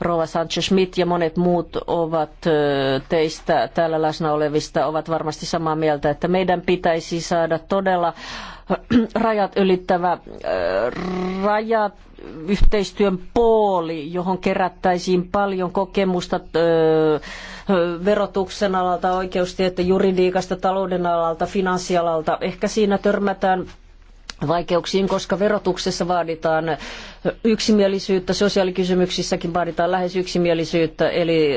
Rova Sanchez-Schmidt ja monet muut ovat teistä täällä läsnä olevista, ovat varmasti samaa mieltä, että meidän pitäisi saada todella [clears throat] rajat ylittävä äh, rajat yhteistyön pooli, johon kerättäisiin paljon kokemusta äh, verotuksen alalta, oikeustieteen, juridiikasta, talouden alalta, finanssialalta. Ehkä siinä törmätään vaikeuksiin, koska verotuksessa vaaditaan yksimielisyyttä, sosiaalikysymyksissäkin vaaditaan lähes yksimielisyyttä, eli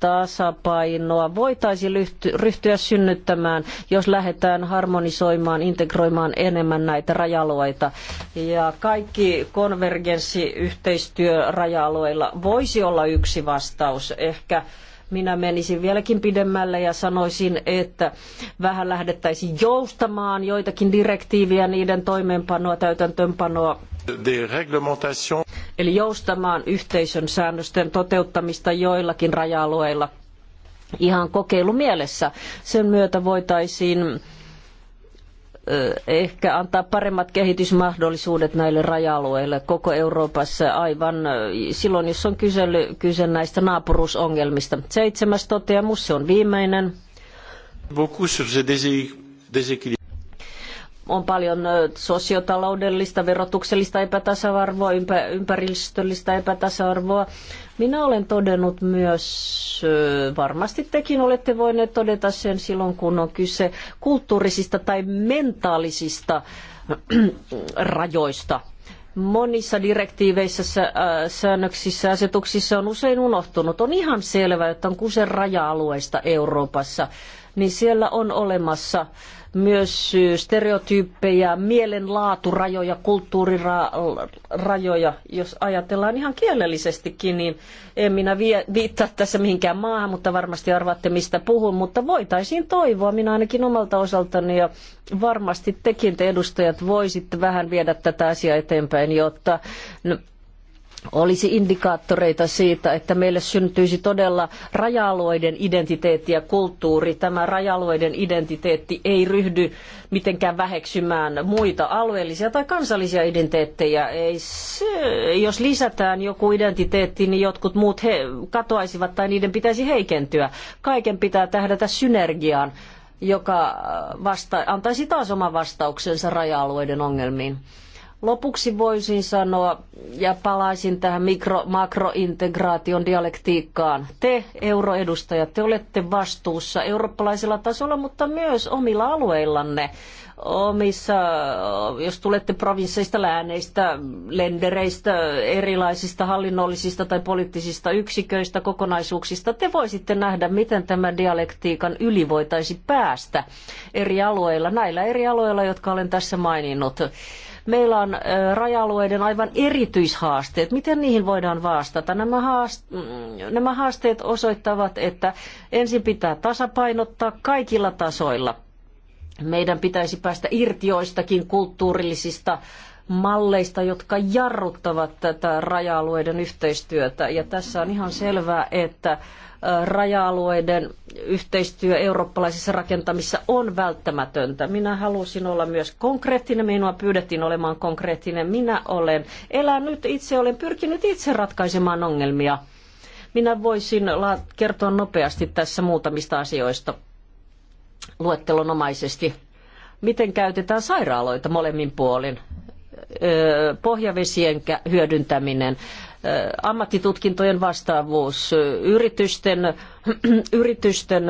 tasapainoa voitaisiin ryhtyä synnyttämään, jos lähdetään harmonisoimaan, integroimaan enemmän näitä raja-alueita. Ja kaikki konvergenssiyhteistyö raja-alueilla voisi olla yksi vastaus. Ehkä minä menisin vieläkin pidemmälle ja sanoisin, että vähän lähdettäisiin joustamaan joitakin direktiiviä, niiden toimeenpanoa, täytäntöönpanoa. Eli joustamaan yhteisön säännösten toteuttamista joillakin raja-alueilla ihan kokeilumielessä. Sen myötä voitaisiin ehkä antaa paremmat kehitysmahdollisuudet näille raja-alueille koko Euroopassa aivan silloin, jos on kyse, kyse näistä naapuruusongelmista. Seitsemäs toteamus, se on viimeinen. On paljon sosiotaloudellista, verotuksellista epätasa-arvoa, ympäristöllistä epätasa-arvoa, minä olen todennut myös, varmasti tekin olette voineet todeta sen silloin, kun on kyse kulttuurisista tai mentaalisista [clears throat] rajoista. Monissa direktiiveissä, säännöksissä, asetuksissa on usein unohtunut. On ihan selvää, että on kyse raja-alueista Euroopassa, niin siellä on olemassa äh, myös stereotyyppejä, mielenlaaturajoja, kulttuurirajoja, jos ajatellaan ihan kielellisestikin, niin en minä viittaa tässä mihinkään maahan, mutta varmasti arvaatte mistä puhun, mutta voitaisiin toivoa, minä ainakin omalta osaltani ja varmasti tekin te edustajat voisitte vähän viedä tätä asiaa eteenpäin, jotta olisi indikaattoreita siitä, että meille syntyisi todella raja-alueiden identiteetti ja kulttuuri. Tämä raja-alueiden identiteetti ei ryhdy mitenkään väheksymään muita alueellisia tai kansallisia identiteettejä. Ei se, jos lisätään joku identiteetti, niin jotkut muut he, katoaisivat tai niiden pitäisi heikentyä. Kaiken pitää tähdätä synergiaan, joka vasta, antaisi taas oman vastauksensa raja-alueiden ongelmiin. Lopuksi voisin sanoa, ja palaisin tähän mikro, makrointegraation dialektiikkaan. Te, euroedustajat, te olette vastuussa eurooppalaisella tasolla, mutta myös omilla alueillanne omissa, jos tulette provinsseista, lääneistä, lendereistä, erilaisista hallinnollisista tai poliittisista yksiköistä, kokonaisuuksista, te voisitte nähdä, miten tämä dialektiikan yli voitaisiin päästä eri alueilla, näillä eri alueilla, jotka olen tässä maininnut. Meillä on raja-alueiden aivan erityishaasteet. Miten niihin voidaan vastata? Mm, nämä haasteet osoittavat, että ensin pitää tasapainottaa kaikilla tasoilla meidän pitäisi päästä irti joistakin kulttuurillisista malleista, jotka jarruttavat tätä raja-alueiden yhteistyötä. Ja tässä on ihan selvää, että raja-alueiden yhteistyö eurooppalaisissa rakentamissa on välttämätöntä. Minä halusin olla myös konkreettinen, minua pyydettiin olemaan konkreettinen. Minä olen elänyt itse, olen pyrkinyt itse ratkaisemaan ongelmia. Minä voisin kertoa nopeasti tässä muutamista asioista luettelonomaisesti. Miten käytetään sairaaloita molemmin puolin? pohjavesien hyödyntäminen, ammattitutkintojen vastaavuus, yritysten, [clears throat] yritysten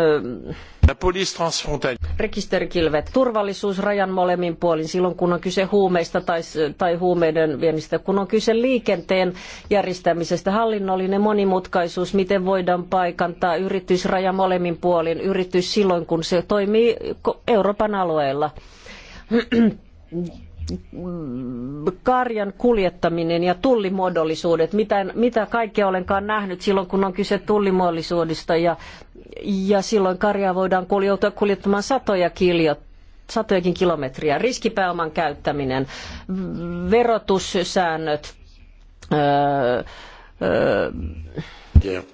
rekisterikilvet, turvallisuus rajan molemmin puolin silloin, kun on kyse huumeista tai, tai huumeiden viennistä, kun on kyse liikenteen järjestämisestä, hallinnollinen monimutkaisuus, miten voidaan paikantaa yritysraja molemmin puolin, yritys silloin, kun se toimii Euroopan alueella [clears throat] karjan kuljettaminen ja tullimuodollisuudet, mitä, mitä kaikkea olenkaan nähnyt silloin, kun on kyse tullimuodollisuudesta ja, ja silloin karjaa voidaan joutua kuljettamaan satoja kiljotta satojakin kilometriä. Riskipääoman käyttäminen, verotussäännöt, öö, öö, yeah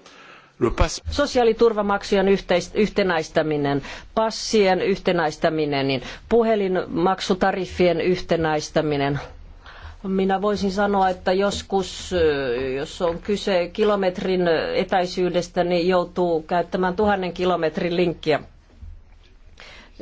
Sosiaaliturvamaksujen yhtenäistäminen, passien yhtenäistäminen, niin puhelinmaksutariffien yhtenäistäminen, minä voisin sanoa, että joskus, jos on kyse kilometrin etäisyydestä, niin joutuu käyttämään tuhannen kilometrin linkkiä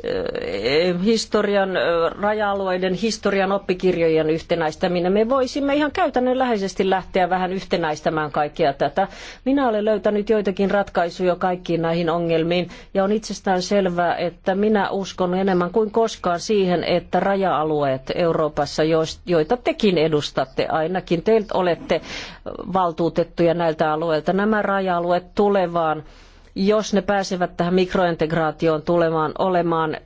Eh, historian, eh, raja-alueiden historian oppikirjojen yhtenäistäminen. Me voisimme ihan käytännönläheisesti lähteä vähän yhtenäistämään kaikkea tätä. Minä olen löytänyt joitakin ratkaisuja kaikkiin näihin ongelmiin ja on itsestään selvää, että minä uskon enemmän kuin koskaan siihen, että raja-alueet Euroopassa, joita tekin edustatte, ainakin te olette valtuutettuja näiltä alueilta, nämä raja-alueet tulevaan jos ne pääsevät tähän mikrointegraatioon tulemaan olemaan eh,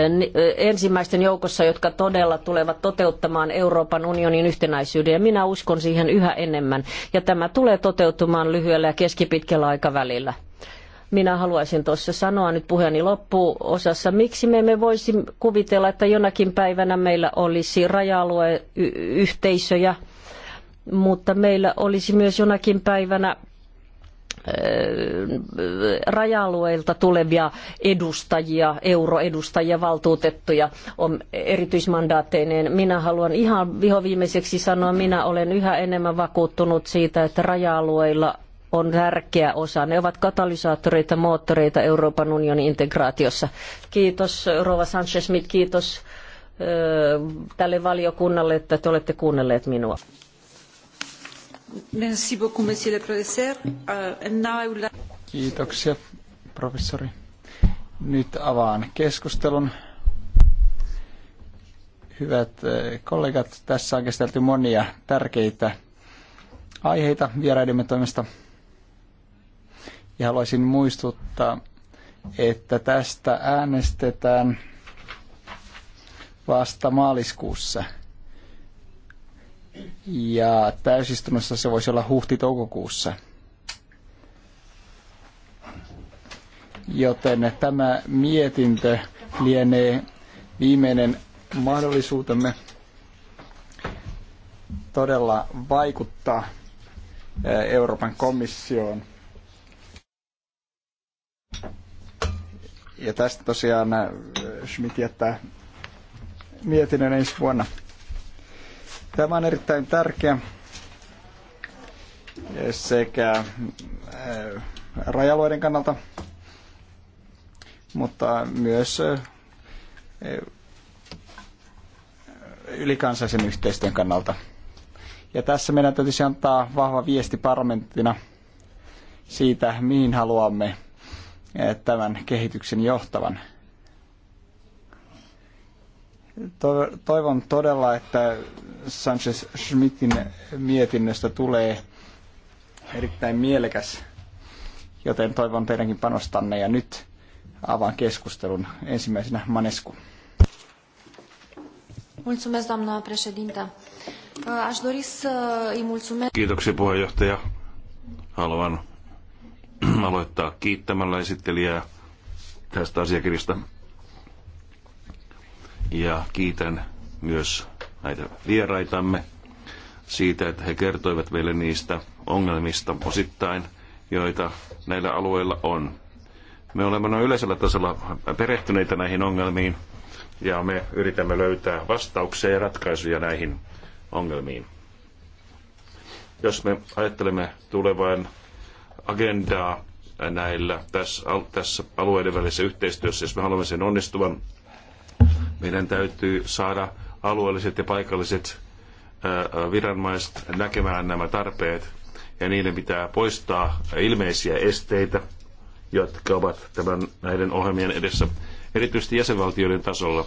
eh, ensimmäisten joukossa, jotka todella tulevat toteuttamaan Euroopan unionin yhtenäisyyden. Ja minä uskon siihen yhä enemmän. Ja tämä tulee toteutumaan lyhyellä ja keskipitkällä aikavälillä minä haluaisin tuossa sanoa nyt puheeni loppuosassa, miksi me emme voisi kuvitella, että jonakin päivänä meillä olisi raja-alueyhteisöjä, mutta meillä olisi myös jonakin päivänä Äh, raja-alueilta tulevia edustajia, euroedustajia, valtuutettuja on erityismandaatteineen. Minä haluan ihan vihoviimeiseksi sanoa, minä olen yhä enemmän vakuuttunut siitä, että raja-alueilla on tärkeä osa. Ne ovat katalysaattoreita, moottoreita Euroopan unionin integraatiossa. Kiitos Rova Sanchez-Smith, kiitos äh, tälle valiokunnalle, että te olette kuunnelleet minua. Euh, Kiitoksia, professori. Nyt avaan keskustelun. Hyvät eh, kollegat, tässä on käsitelty monia tärkeitä aiheita vieraidemme toimesta. Ja haluaisin muistuttaa, että tästä äänestetään vasta maaliskuussa – ja täysistunnossa se voisi olla huhti-toukokuussa. Joten tämä mietintö lienee viimeinen mahdollisuutemme todella vaikuttaa eh, Euroopan komissioon. Ja tästä tosiaan eh, Schmidt jättää mietinnön ensi vuonna. Tämä on erittäin tärkeä sekä äh, rajalueiden kannalta, mutta myös äh, ylikansallisen yhteistyön kannalta. Ja tässä meidän täytyisi antaa vahva viesti parlamenttina siitä, mihin haluamme äh, tämän kehityksen johtavan. Toivon todella, että Sanchez Schmidtin mietinnöstä tulee erittäin mielekäs, joten toivon teidänkin panostanne ja nyt avaan keskustelun ensimmäisenä Manesku. Kiitoksia puheenjohtaja. Haluan [clears throat] aloittaa kiittämällä esittelijää tästä asiakirjasta ja kiitän myös näitä vieraitamme siitä, että he kertoivat meille niistä ongelmista osittain, joita näillä alueilla on. Me olemme noin yleisellä tasolla perehtyneitä näihin ongelmiin ja me yritämme löytää vastauksia ja ratkaisuja näihin ongelmiin. Jos me ajattelemme tulevan agendaa näillä tässä, tässä alueiden välisessä yhteistyössä, jos me haluamme sen onnistuvan, meidän täytyy saada alueelliset ja paikalliset viranomaiset näkemään nämä tarpeet ja niiden pitää poistaa ilmeisiä esteitä, jotka ovat tämän, näiden ohjelmien edessä, erityisesti jäsenvaltioiden tasolla.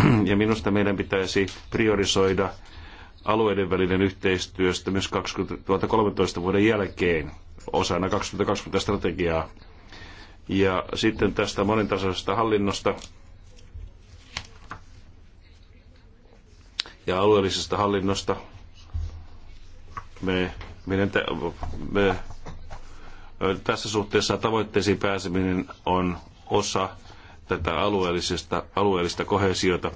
[clears throat] Ja minusta meidän pitäisi priorisoida alueiden välinen yhteistyöstä myös 2013 vuoden jälkeen osana 2020 strategiaa. Ja sitten tästä monentasoisesta hallinnosta ja alueellisesta hallinnosta. Me, meidän me, tässä suhteessa tavoitteisiin pääseminen on osa tätä alueellisesta, alueellista kohesiota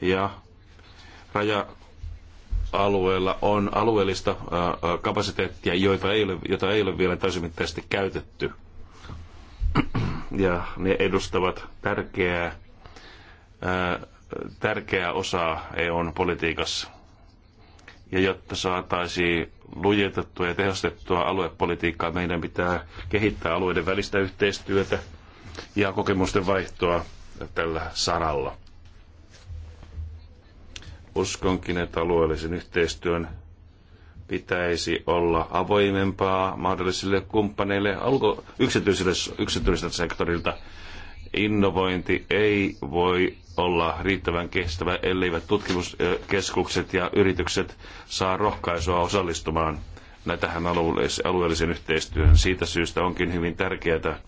ja raja alueella on alueellista kapasiteettia, joita ei ole, jota ei ole vielä täysimittaisesti käytetty. Ja ne edustavat tärkeää tärkeää osaa EUn politiikassa. Ja jotta saataisiin lujitettua ja tehostettua aluepolitiikkaa, meidän pitää kehittää alueiden välistä yhteistyötä ja kokemusten vaihtoa tällä saralla. Uskonkin, että alueellisen yhteistyön pitäisi olla avoimempaa mahdollisille kumppaneille alko, yksityiseltä sektorilta innovointi ei voi olla riittävän kestävä, elleivät tutkimuskeskukset ja yritykset saa rohkaisua osallistumaan tähän alueelliseen yhteistyöhön. Siitä syystä onkin hyvin tärkeää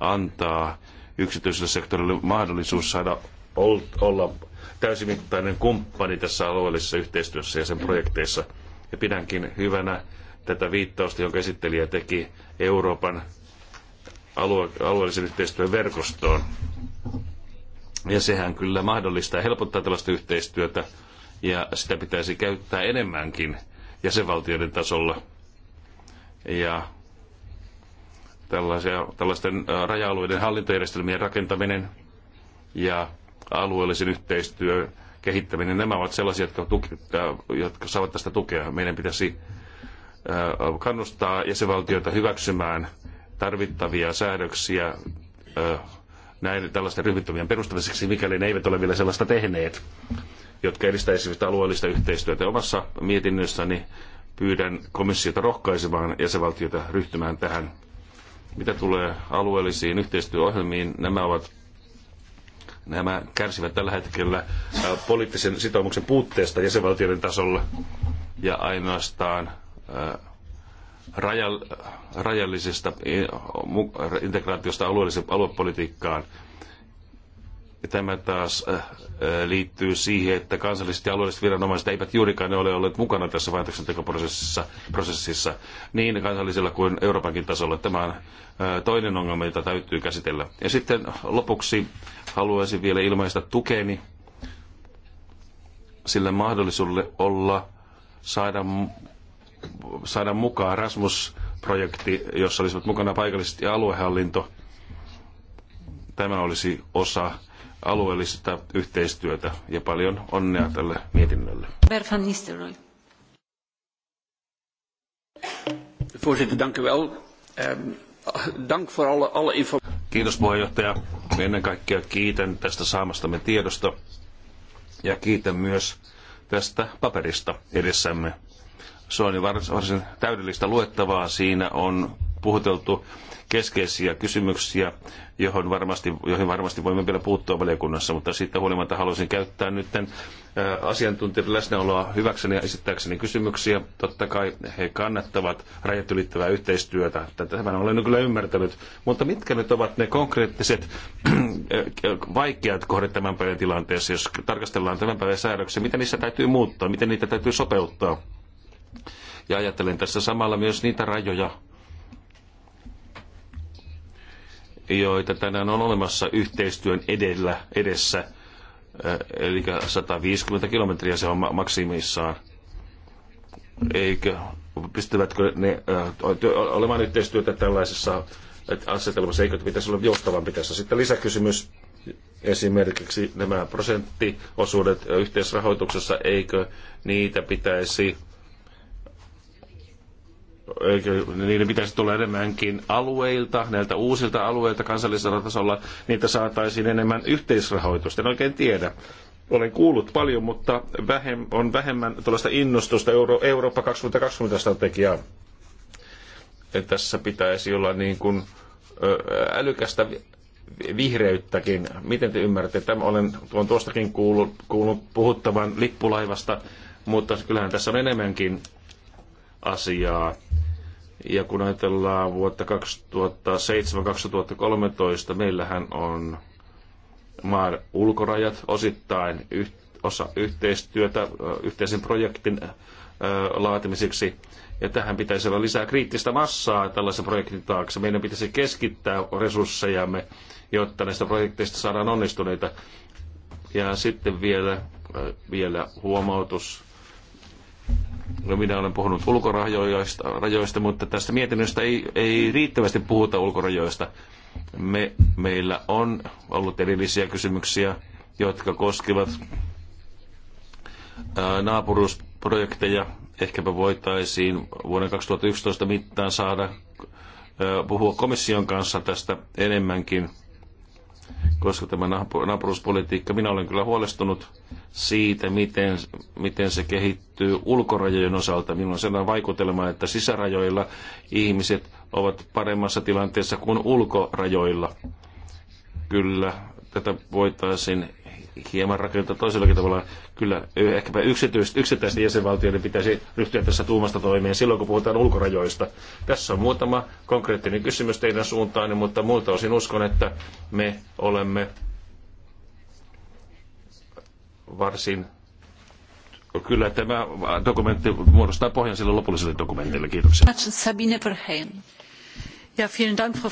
antaa yksityiselle sektorille mahdollisuus saada olla täysimittainen kumppani tässä alueellisessa yhteistyössä ja sen projekteissa. Ja pidänkin hyvänä tätä viittausta, jonka esittelijä teki Euroopan alueellisen yhteistyön verkostoon. Ja sehän kyllä mahdollistaa ja helpottaa tällaista yhteistyötä, ja sitä pitäisi käyttää enemmänkin jäsenvaltioiden tasolla. Ja tällaisia, tällaisten raja-alueiden hallintojärjestelmien rakentaminen ja alueellisen yhteistyön kehittäminen, nämä ovat sellaisia, jotka, tuki, jotka saavat tästä tukea. Meidän pitäisi kannustaa jäsenvaltioita hyväksymään tarvittavia säädöksiä näin tällaisten ryhmittymien perustamiseksi, mikäli ne eivät ole vielä sellaista tehneet, jotka edistäisivät alueellista yhteistyötä. Omassa mietinnössäni pyydän komissiota rohkaisemaan jäsenvaltiota ryhtymään tähän. Mitä tulee alueellisiin yhteistyöohjelmiin, nämä ovat nämä kärsivät tällä hetkellä poliittisen sitoumuksen puutteesta jäsenvaltioiden tasolla ja ainoastaan rajallisesta integraatiosta alueelliseen aluepolitiikkaan. Tämä taas äh, äh, liittyy siihen, että kansalliset ja alueelliset viranomaiset eivät juurikaan ole olleet mukana tässä päätöksentekoprosessissa prosessissa, niin kansallisella kuin Euroopankin tasolla. Tämä on äh, toinen ongelma, jota täytyy käsitellä. Ja sitten lopuksi haluaisin vielä ilmaista tukeni sille mahdollisuudelle olla saada saada mukaan Rasmus-projekti, jossa olisivat mukana paikallisesti aluehallinto. Tämä olisi osa alueellista yhteistyötä ja paljon onnea tälle mietinnölle. Ehm, Kiitos puheenjohtaja. Ennen kaikkea kiitän tästä saamastamme tiedosta ja kiitän myös tästä paperista edessämme. Se on varsin täydellistä luettavaa. Siinä on puhuteltu keskeisiä kysymyksiä, johon varmasti, joihin varmasti voimme vielä puuttua valiokunnassa, mutta siitä huolimatta haluaisin käyttää nyt asiantuntijoiden läsnäoloa hyväkseni ja esittääkseni kysymyksiä. Totta kai he kannattavat rajat ylittävää yhteistyötä. Tämän olen kyllä ymmärtänyt. Mutta mitkä nyt ovat ne konkreettiset [clears throat] vaikeat kohdat tämän päivän tilanteessa, jos tarkastellaan tämän päivän säädöksiä? Mitä niissä täytyy muuttaa? Miten niitä täytyy sopeuttaa? Ja ajattelen tässä samalla myös niitä rajoja, joita tänään on olemassa yhteistyön edellä, edessä. Äh, eli 150 kilometriä se on maksimissaan. Eikö, pystyvätkö ne äh, olemaan yhteistyötä tällaisessa äh, asetelmassa, eikö pitäisi olla joustavampi tässä. Sitten lisäkysymys, esimerkiksi nämä prosenttiosuudet yhteisrahoituksessa, eikö niitä pitäisi niiden pitäisi tulla enemmänkin alueilta, näiltä uusilta alueilta kansallisella tasolla, niitä saataisiin enemmän yhteisrahoitusta. En oikein tiedä. Olen kuullut paljon, mutta vähem, on vähemmän tuollaista innostusta Euro, Eurooppa 2020-strategiaa. Tässä pitäisi olla niin kuin älykästä vihreyttäkin. Miten te ymmärrätte? Tämä olen, olen tuostakin kuullut, kuullut puhuttavan lippulaivasta, mutta kyllähän tässä on enemmänkin asiaa. Ja kun ajatellaan vuotta 2007-2013, meillähän on maan ulkorajat osittain osa yhteistyötä yhteisen projektin ö, laatimiseksi. Ja tähän pitäisi olla lisää kriittistä massaa tällaisen projektin taakse. Meidän pitäisi keskittää resurssejamme, jotta näistä projekteista saadaan onnistuneita. Ja sitten vielä, vielä huomautus No minä olen puhunut ulkorajoista, rajoista, mutta tästä mietinnöstä ei, ei riittävästi puhuta ulkorajoista. Me, meillä on ollut erillisiä kysymyksiä, jotka koskivat naapuruusprojekteja. Ehkäpä voitaisiin vuoden 2011 mittaan saada puhua komission kanssa tästä enemmänkin koska tämä naapuruspolitiikka, minä olen kyllä huolestunut siitä, miten, miten se kehittyy ulkorajojen osalta. Minulla on sellainen vaikutelma, että sisärajoilla ihmiset ovat paremmassa tilanteessa kuin ulkorajoilla. Kyllä, tätä voitaisiin hieman rakentaa toisellakin tavalla. Kyllä ehkäpä yksittäisten jäsenvaltioiden pitäisi ryhtyä tässä tuumasta toimeen silloin, kun puhutaan ulkorajoista. Tässä on muutama konkreettinen kysymys teidän suuntaan, mutta muilta osin uskon, että me olemme varsin Kyllä tämä dokumentti muodostaa pohjan sille lopulliselle dokumentille. Kiitoksia. Sabine ja, vielen Dank, Frau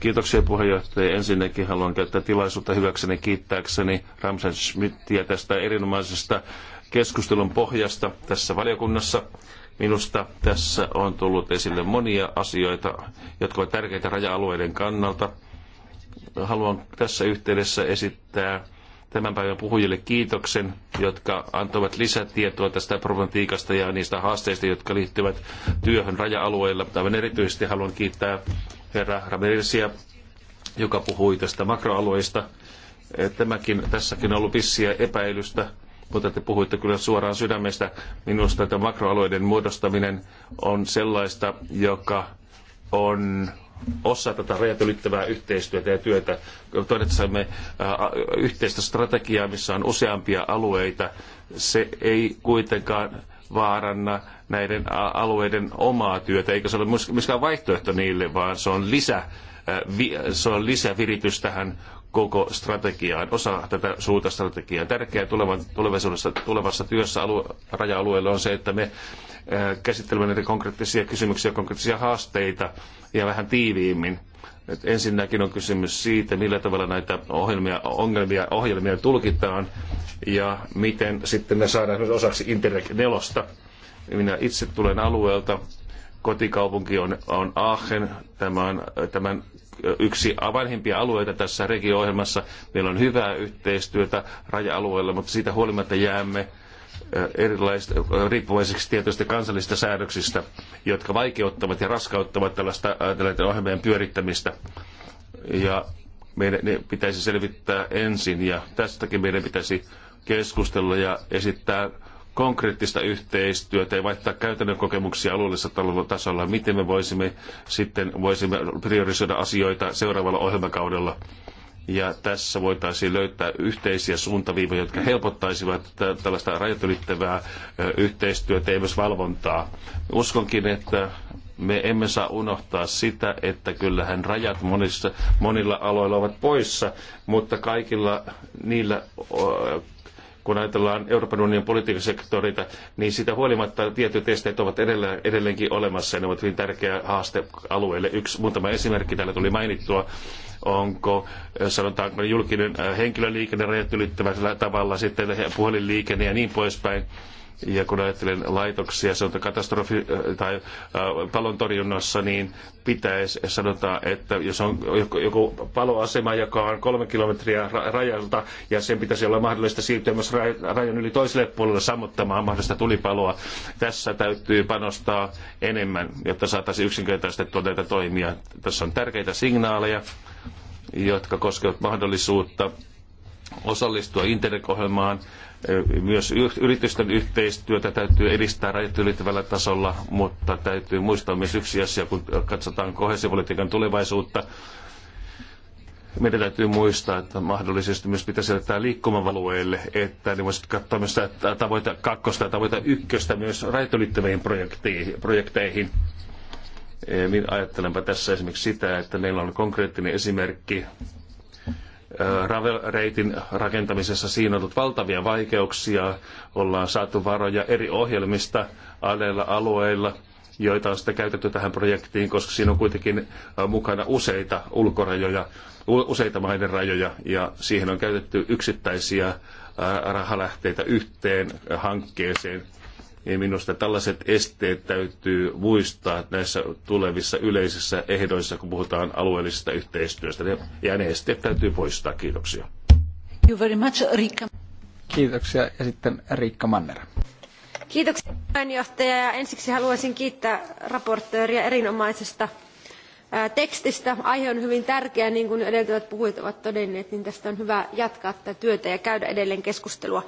Kiitoksia puheenjohtaja. Ensinnäkin haluan käyttää tilaisuutta hyväkseni kiittääkseni Ramsen Schmidtiä tästä erinomaisesta keskustelun pohjasta tässä valiokunnassa. Minusta tässä on tullut esille monia asioita, jotka ovat tärkeitä raja-alueiden kannalta. Haluan tässä yhteydessä esittää tämän päivän puhujille kiitoksen, jotka antoivat lisätietoa tästä problematiikasta ja niistä haasteista, jotka liittyvät työhön raja-alueilla. Aivan erityisesti haluan kiittää herra Ramirezia, joka puhui tästä makroalueista. Eh, tämäkin, tässäkin on ollut vissiä epäilystä, mutta te puhuitte kyllä suoraan sydämestä. Minusta tämä makroalueiden muodostaminen on sellaista, joka on osa tätä rajat ylittävää yhteistyötä ja työtä. Todetsamme yhteistä strategiaa, missä on useampia alueita. Se ei kuitenkaan vaaranna näiden alueiden omaa työtä, eikä se ole myöskään vaihtoehto niille, vaan se on, lisä, se on lisäviritys tähän koko strategiaan, osa tätä suurta strategiaa. Tärkeää tulevaisuudessa, tulevassa työssä alue, raja-alueella on se, että me Eh, käsittelemään näitä konkreettisia kysymyksiä, konkreettisia haasteita ja vähän tiiviimmin. Et ensinnäkin on kysymys siitä, millä tavalla näitä ohjelmia, ongelmia, ohjelmia tulkitaan ja miten sitten ne saadaan osaksi Interreg 4. Minä itse tulen alueelta, kotikaupunki on, on Aachen, tämä on tämän yksi avainhimpia alueita tässä regio-ohjelmassa. Meillä on hyvää yhteistyötä raja-alueella, mutta siitä huolimatta jäämme riippuvaiseksi tietyistä kansallisista säädöksistä, jotka vaikeuttavat ja raskauttavat tällaista näiden ohjelmien pyörittämistä. Ja meidän ne pitäisi selvittää ensin ja tästäkin meidän pitäisi keskustella ja esittää konkreettista yhteistyötä ja vaihtaa käytännön kokemuksia alueellisella tasolla, miten me voisimme sitten voisimme priorisoida asioita seuraavalla ohjelmakaudella ja tässä voitaisiin löytää yhteisiä suuntaviivoja, jotka helpottaisivat tällaista rajat ylittävää yhteistyötä ja myös valvontaa. Uskonkin, että me emme saa unohtaa sitä, että kyllähän rajat monissa, monilla aloilla ovat poissa, mutta kaikilla niillä kun ajatellaan Euroopan unionin politiikasektoreita, niin sitä huolimatta tietyt esteet ovat edelleen, edelleenkin olemassa ja ne ovat hyvin tärkeä haaste alueelle. Yksi muutama esimerkki täällä tuli mainittua onko äh, sanotaanko julkinen äh, henkilöliikenne rajat ylittävällä tavalla, sitten puhelinliikenne ja niin poispäin. Ja kun ajattelen laitoksia, se on katastrofi äh, tai äh, palon torjunnassa, niin pitäisi sanota, että jos on joku paloasema, joka on kolme kilometriä rajalta, ja sen pitäisi olla mahdollista siirtyä myös rajan yli toiselle puolelle sammuttamaan mahdollista tulipaloa. Tässä täytyy panostaa enemmän, jotta saataisiin yksinkertaistettua näitä toimia. Tässä on tärkeitä signaaleja, jotka koskevat mahdollisuutta osallistua internet ohjelmaan myös yritysten yhteistyötä täytyy edistää rajat ylittävällä tasolla, mutta täytyy muistaa myös yksi asia, kun katsotaan kohesipolitiikan tulevaisuutta. Meidän täytyy muistaa, että mahdollisesti myös pitäisi jättää liikkumavalueille, että ne voisivat katsoa myös tavoite kakkosta ja tavoite ykköstä myös rajat ylittäviin projekteihin. Minä ajattelenpa tässä esimerkiksi sitä, että meillä on konkreettinen esimerkki Ravel-reitin rakentamisessa siinä on ollut valtavia vaikeuksia. Ollaan saatu varoja eri ohjelmista alueilla, alueilla joita on sitten käytetty tähän projektiin, koska siinä on kuitenkin mukana useita ulkorajoja, useita maiden rajoja, ja siihen on käytetty yksittäisiä rahalähteitä yhteen hankkeeseen niin minusta tällaiset esteet täytyy muistaa näissä tulevissa yleisissä ehdoissa, kun puhutaan alueellisesta yhteistyöstä. Ja ne esteet täytyy poistaa. Kiitoksia. You very much, Riikka. Kiitoksia. Ja sitten Riikka Manner. Kiitoksia puheenjohtaja ja ensiksi haluaisin kiittää raportööriä erinomaisesta tekstistä. Aihe on hyvin tärkeä, niin kuin edeltävät puhujat ovat todenneet, niin tästä on hyvä jatkaa tätä työtä ja käydä edelleen keskustelua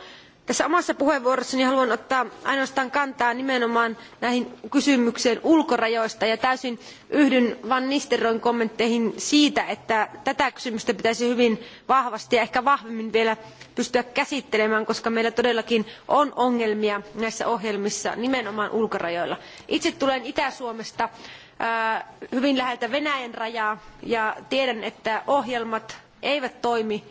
tässä omassa puheenvuorossani haluan ottaa ainoastaan kantaa nimenomaan näihin kysymyksiin ulkorajoista ja täysin yhdyn van nistelrooyn kommentteihin siitä että tätä kysymystä pitäisi hyvin vahvasti ja ehkä vahvemmin vielä pystyä käsittelemään koska meillä todellakin on ongelmia näissä ohjelmissa nimenomaan ulkorajoilla. itse tulen itä suomesta äh, hyvin läheltä venäjän rajaa ja tiedän että ohjelmat eivät toimi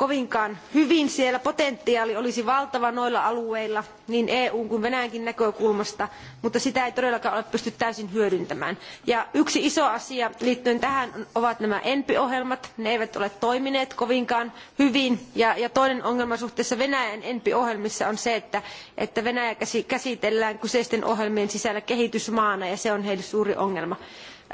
kovinkaan hyvin. Siellä potentiaali olisi valtava noilla alueilla niin EUn kuin Venäjänkin näkökulmasta, mutta sitä ei todellakaan ole pysty täysin hyödyntämään. Ja yksi iso asia liittyen tähän ovat nämä ENPI-ohjelmat. Ne eivät ole toimineet kovinkaan hyvin. Ja, ja toinen ongelma suhteessa Venäjän ENPI-ohjelmissa on se, että, että Venäjä käsitellään kyseisten ohjelmien sisällä kehitysmaana ja se on heille suuri ongelma.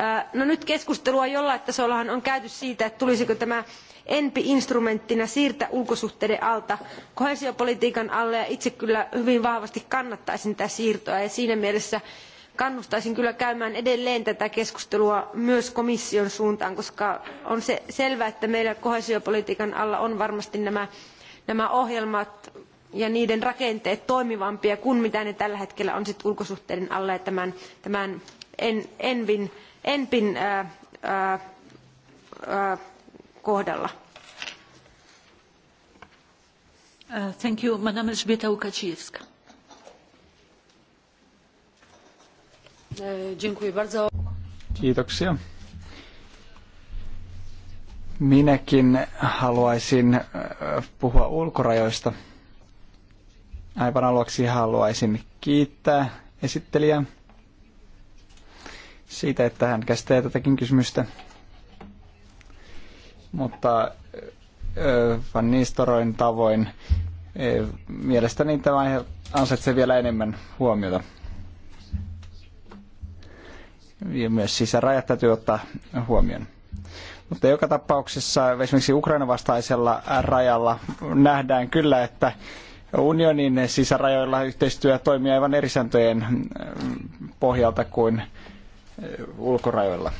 Äh, no nyt keskustelua jollain tasolla on käyty siitä, että tulisiko tämä enpi instrumenttina siirtää ulkosuhteiden alta koheesiopolitiikan alle ja itse kyllä hyvin vahvasti kannattaisin tätä siirtoa ja siinä mielessä kannustaisin kyllä käymään edelleen tätä keskustelua myös komission suuntaan koska on se selvää että meillä koheesiopolitiikan alla on varmasti nämä, nämä ohjelmat ja niiden rakenteet toimivampia kuin mitä ne tällä hetkellä on sit ulkosuhteiden alla ja tämän, tämän en, envin ENPin kohdalla. Uh, thank you, Madame Elżbieta Łukacijewska. E, dziękuję bardzo. Kiitoksia. Minäkin haluaisin e, puhua ulkorajoista. Aivan aluksi haluaisin kiittää esittelijää siitä, että hän käsittää tätäkin kysymystä. Mutta Van Nistoroin tavoin mielestäni tämä aihe ansaitsee vielä enemmän huomiota. Ja myös sisärajat täytyy ottaa huomioon. Mutta joka tapauksessa esimerkiksi Ukraina vastaisella rajalla nähdään kyllä, että unionin sisärajoilla yhteistyö toimii aivan eri sääntöjen pohjalta kuin ulkorajoilla.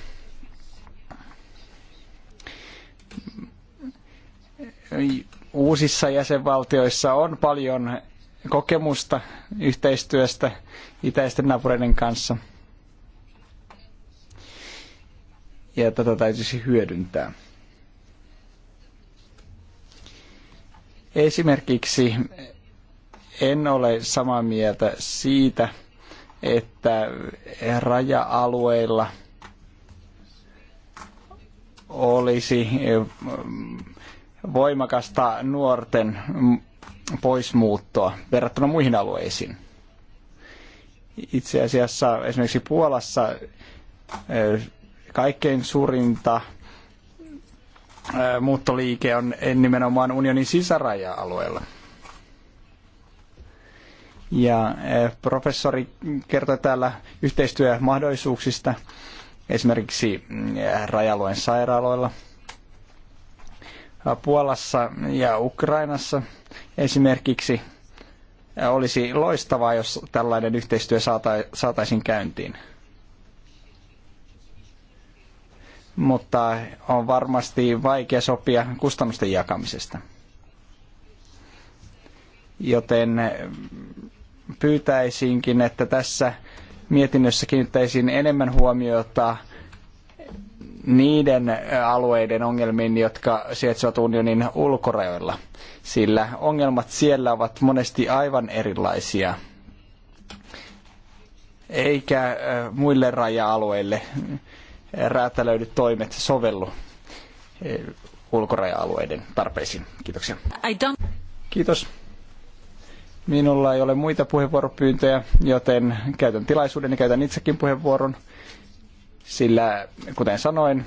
Uusissa jäsenvaltioissa on paljon kokemusta yhteistyöstä itäisten naapureiden kanssa. Ja tätä täytyisi hyödyntää. Esimerkiksi en ole samaa mieltä siitä, että raja-alueilla olisi mm, voimakasta nuorten mm, poismuuttoa verrattuna muihin alueisiin. Itse asiassa esimerkiksi Puolassa eh, kaikkein suurinta eh, muuttoliike on nimenomaan unionin sisäraja-alueella – ja eh, professori kertoi täällä yhteistyömahdollisuuksista esimerkiksi mm, rajalueen sairaaloilla Puolassa ja Ukrainassa esimerkiksi eh, olisi loistavaa, jos tällainen yhteistyö saataisiin käyntiin. Mutta on varmasti vaikea sopia kustannusten jakamisesta. Joten mm, pyytäisinkin, että tässä mietinnössä kiinnittäisiin enemmän huomiota niiden alueiden ongelmiin, jotka sijaitsevat unionin ulkorajoilla, sillä ongelmat siellä ovat monesti aivan erilaisia eikä muille raja-alueille räätälöidyt toimet sovellu ulkoraja-alueiden tarpeisiin. Kiitoksia. Kiitos. Minulla ei ole muita puheenvuoropyyntöjä, joten käytän tilaisuuden ja käytän itsekin puheenvuoron, sillä kuten sanoin,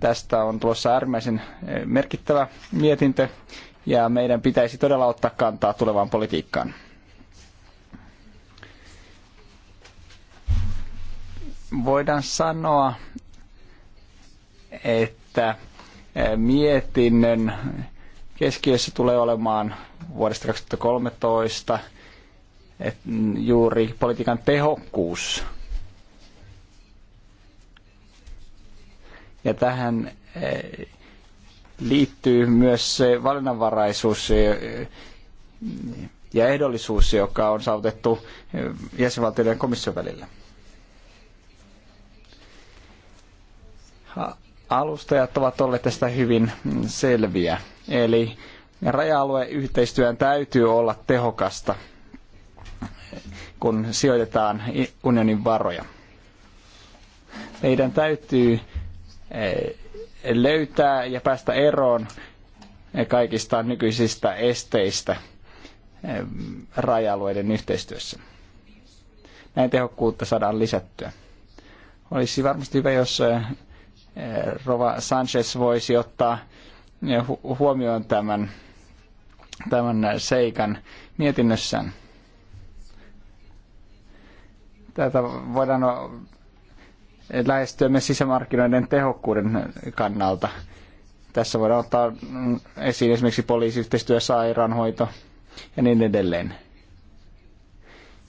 tästä on tulossa äärimmäisen eh, merkittävä mietintö ja meidän pitäisi todella ottaa kantaa tulevaan politiikkaan. Voidaan sanoa, että eh, mietinnön keskiössä tulee olemaan vuodesta 2013 et juuri politiikan tehokkuus. Ja tähän eh, liittyy myös se valinnanvaraisuus ja ehdollisuus, joka on saavutettu eh, jäsenvaltioiden ja komission välillä. Alustajat ovat olleet tästä hyvin selviä. Eli raja-alueyhteistyön täytyy olla tehokasta, kun sijoitetaan unionin varoja. Meidän täytyy eh, löytää ja päästä eroon eh, kaikista nykyisistä esteistä eh, raja-alueiden yhteistyössä. Näin tehokkuutta saadaan lisättyä. Olisi varmasti hyvä, jos Rova Sanchez voisi ottaa huomioon tämän, tämän seikan mietinnössään. Tätä voidaan lähestyä myös sisämarkkinoiden tehokkuuden kannalta. Tässä voidaan ottaa esiin esimerkiksi poliisiyhteistyö, sairaanhoito ja niin edelleen.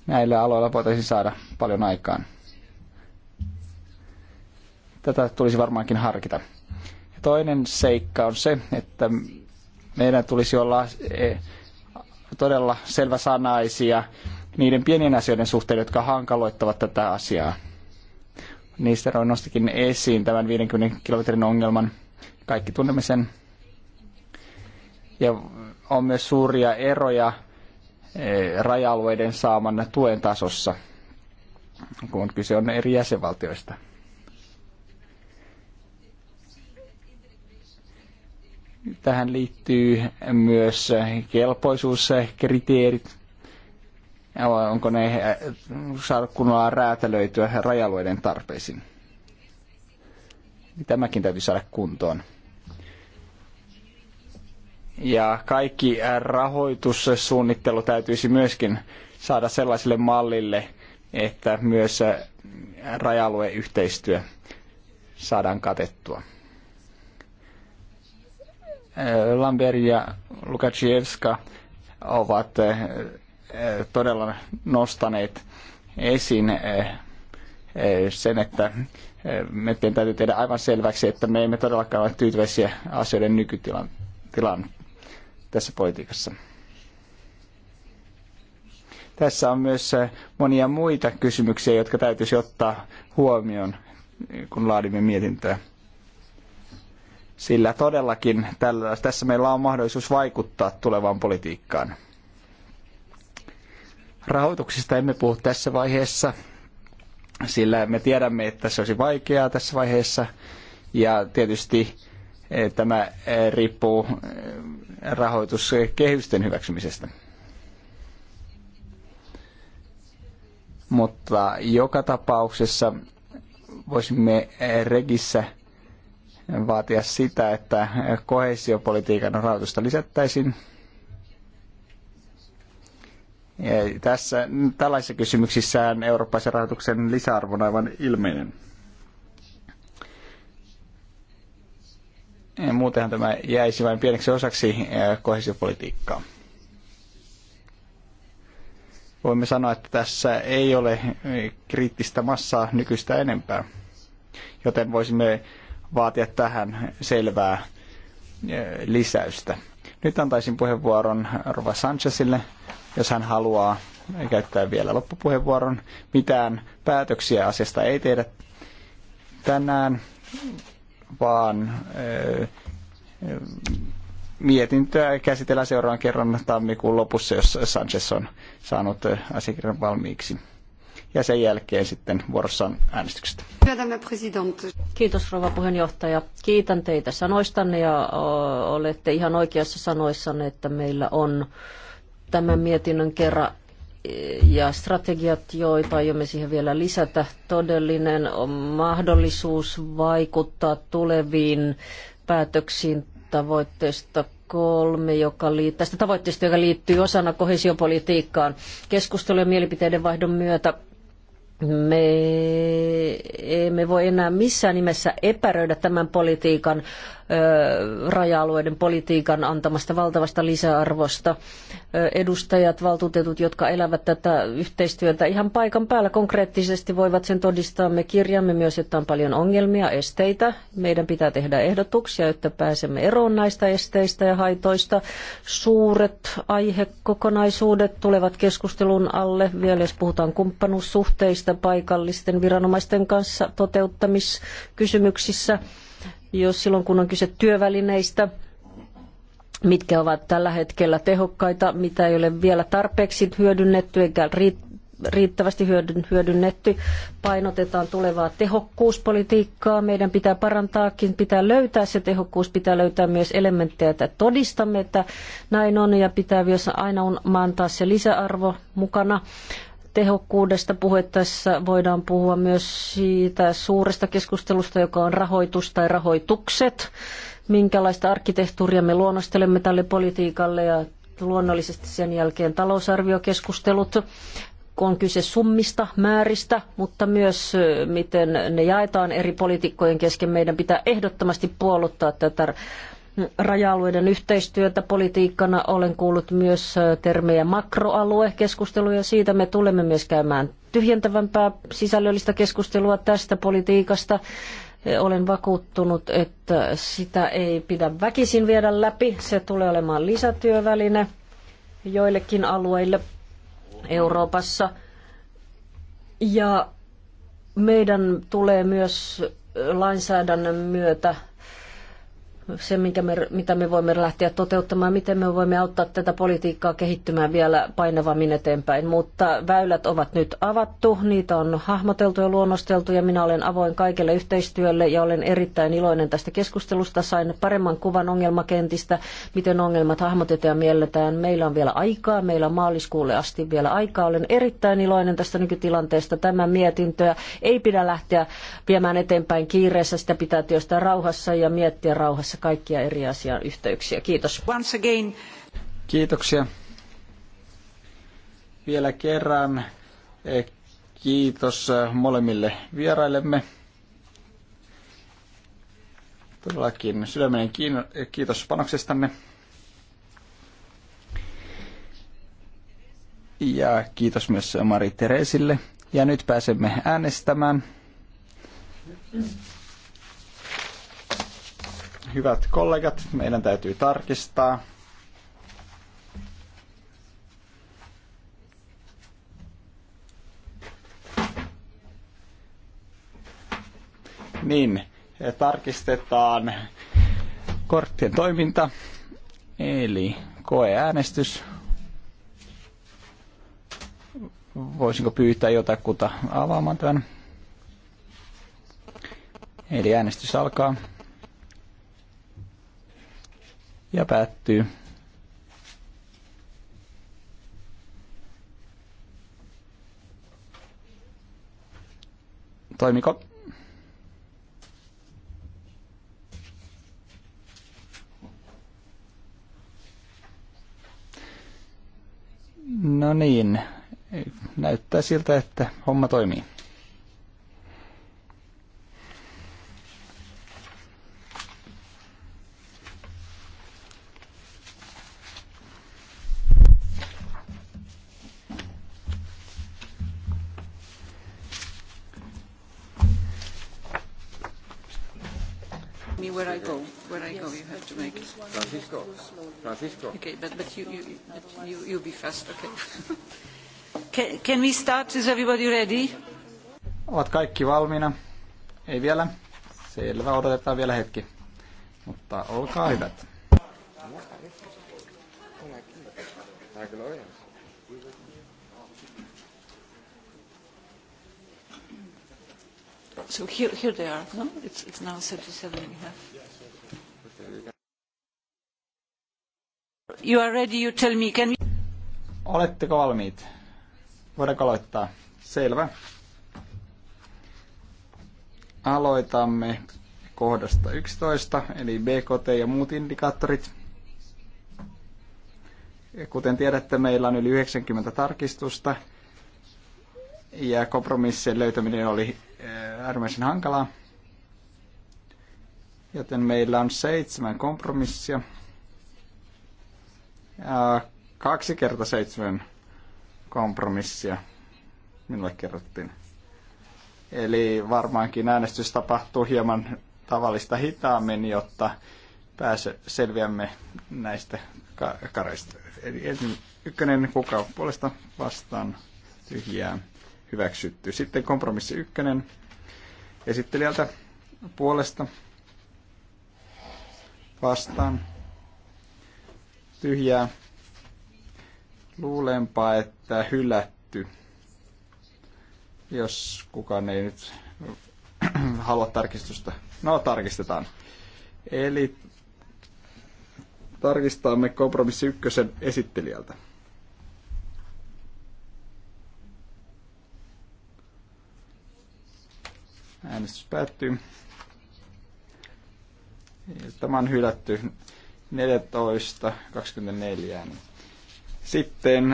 Näillä aloilla voitaisiin saada paljon aikaan. Tätä tulisi varmaankin harkita toinen seikka on se, että meidän tulisi olla e, todella selväsanaisia niiden pienien asioiden suhteen, jotka hankaloittavat tätä asiaa. Niistä Roy nostikin esiin tämän 50 kilometrin ongelman. Kaikki tunnemme sen. Ja on myös suuria eroja e, raja-alueiden saaman tuen tasossa, kun kyse on eri jäsenvaltioista. Tähän liittyy myös kelpoisuuskriteerit. Onko ne äh, saanut kunnolla räätälöityä rajalueiden tarpeisiin? Tämäkin täytyy saada kuntoon. Ja kaikki rahoitussuunnittelu täytyisi myöskin saada sellaiselle mallille, että myös rajalueyhteistyö saadaan katettua. Eh, Lambert ja Lukashevska ovat eh, eh, todella nostaneet esiin sen, että meidän täytyy tehdä aivan selväksi, että me emme todellakaan ole tyytyväisiä asioiden nykytilan tilan tässä politiikassa. Tässä on myös monia muita kysymyksiä, jotka täytyisi ottaa huomioon, kun laadimme mietintöä sillä todellakin tällä, tässä meillä on mahdollisuus vaikuttaa tulevaan politiikkaan. Rahoituksista emme puhu tässä vaiheessa, sillä me tiedämme, että se olisi vaikeaa tässä vaiheessa. Ja tietysti eh, tämä eh, riippuu eh, rahoituskehysten hyväksymisestä. Mutta joka tapauksessa voisimme regissä – vaatia sitä, että kohesiopolitiikan rahoitusta lisättäisiin. Ja tässä, tällaisissa kysymyksissä eurooppalaisen rahoituksen lisäarvo on aivan ilmeinen. Muutenhan tämä jäisi vain pieneksi osaksi kohesiopolitiikkaa voimme sanoa, että tässä ei ole kriittistä massaa nykyistä enempää. Joten voisimme vaatia tähän selvää eh, lisäystä. Nyt antaisin puheenvuoron Rova Sanchezille, jos hän haluaa käyttää vielä loppupuheenvuoron. Mitään päätöksiä asiasta ei tehdä tänään, vaan eh, mietintöä käsitellään seuraavan kerran tammikuun lopussa, jos Sanchez on saanut asiakirjan valmiiksi ja sen jälkeen sitten vuorossa on äänestykset. Kiitos rouva puheenjohtaja. Kiitän teitä sanoistanne ja olette ihan oikeassa sanoissanne, että meillä on tämän mietinnön kerran e, ja strategiat, joita aiomme siihen vielä lisätä, todellinen on mahdollisuus vaikuttaa tuleviin päätöksiin tavoitteesta kolme, joka lii, tästä tavoitteesta, joka liittyy osana kohesiopolitiikkaan. Keskustelu ja mielipiteiden vaihdon myötä me emme voi enää missään nimessä epäröidä tämän politiikan raja-alueiden politiikan antamasta valtavasta lisäarvosta. Edustajat, valtuutetut, jotka elävät tätä yhteistyötä ihan paikan päällä konkreettisesti voivat sen todistaa. Me kirjaamme myös, että on paljon ongelmia, esteitä. Meidän pitää tehdä ehdotuksia, jotta pääsemme eroon näistä esteistä ja haitoista. Suuret aihekokonaisuudet tulevat keskustelun alle vielä, jos puhutaan kumppanuussuhteista paikallisten viranomaisten kanssa toteuttamiskysymyksissä jos silloin kun on kyse työvälineistä, mitkä ovat tällä hetkellä tehokkaita, mitä ei ole vielä tarpeeksi hyödynnetty eikä riittävästi hyödynnetty. Painotetaan tulevaa tehokkuuspolitiikkaa. Meidän pitää parantaakin, pitää löytää se tehokkuus, pitää löytää myös elementtejä, että todistamme, että näin on ja pitää myös aina antaa se lisäarvo mukana tehokkuudesta puhettaessa voidaan puhua myös siitä suuresta keskustelusta, joka on rahoitus tai rahoitukset, minkälaista arkkitehtuuria me luonnostelemme tälle politiikalle ja luonnollisesti sen jälkeen talousarviokeskustelut, on kyse summista, määristä, mutta myös miten ne jaetaan eri poliitikkojen kesken. Meidän pitää ehdottomasti puoluttaa tätä raja-alueiden yhteistyötä politiikkana. Olen kuullut myös termejä makroalue Siitä me tulemme myös käymään tyhjentävämpää sisällöllistä keskustelua tästä politiikasta. E, olen vakuuttunut, että sitä ei pidä väkisin viedä läpi. Se tulee olemaan lisätyöväline joillekin alueille Euroopassa. Ja meidän tulee myös lainsäädännön myötä se, minkä me, mitä me voimme lähteä toteuttamaan, miten me voimme auttaa tätä politiikkaa kehittymään vielä painavammin eteenpäin. Mutta väylät ovat nyt avattu, niitä on hahmoteltu ja luonnosteltu ja minä olen avoin kaikelle yhteistyölle ja olen erittäin iloinen tästä keskustelusta. Sain paremman kuvan ongelmakentistä, miten ongelmat hahmotetaan ja mielletään. Meillä on vielä aikaa, meillä on maaliskuulle asti vielä aikaa. Olen erittäin iloinen tästä nykytilanteesta. Tämä mietintöä ei pidä lähteä viemään eteenpäin kiireessä, sitä pitää työstää rauhassa ja miettiä rauhassa tässä kaikkia eri asian yhteyksiä. Kiitos. Once again. Kiitoksia. Vielä kerran eh, kiitos eh, molemmille vieraillemme. Todellakin sydäminen eh, kiitos panoksestanne. Ja kiitos myös Mari Teresille. Ja nyt pääsemme äänestämään. Hyvät kollegat, meidän täytyy tarkistaa. Niin, tarkistetaan korttien toiminta, eli koeäänestys. Voisinko pyytää jotakuta avaamaan tämän? Eli äänestys alkaa ja päättyy. Toimiko? No niin, näyttää siltä, että homma toimii. where I go, where I yes, go, you have to make it. Francisco, Francisco. Okay, but, but you, you, but you, be fast, okay. [laughs] can, can we start? Is everybody ready? Ovat kaikki valmiina? Ei vielä. Selvä, odotetaan vielä hetki. Mutta olkaa hyvät. on So here, here they are, no? It's, it's now 37 we have. You are ready, you tell me. Can we... Oletteko valmiit? Voidaanko aloittaa? Selvä. Aloitamme kohdasta 11, eli BKT ja muut indikaattorit. Kuten tiedätte, meillä on yli 90 tarkistusta ja kompromissien löytäminen oli eh, äärimmäisen hankalaa. Joten meillä on seitsemän kompromissia. Ja kaksi kertaa seitsemän kompromissia minulle kerrottiin. Eli varmaankin äänestys tapahtuu hieman tavallista hitaammin, jotta pääse selviämme näistä kareista. Eli ykkönen kuka puolesta vastaan tyhjää hyväksytty. Sitten kompromissi ykkönen esittelijältä puolesta vastaan tyhjää. Luulenpa, että hylätty. Jos kukaan ei nyt halua tarkistusta. No, tarkistetaan. Eli tarkistamme kompromissi ykkösen esittelijältä. Äänestys päättyy. Tämä on hylätty 14.24. Sitten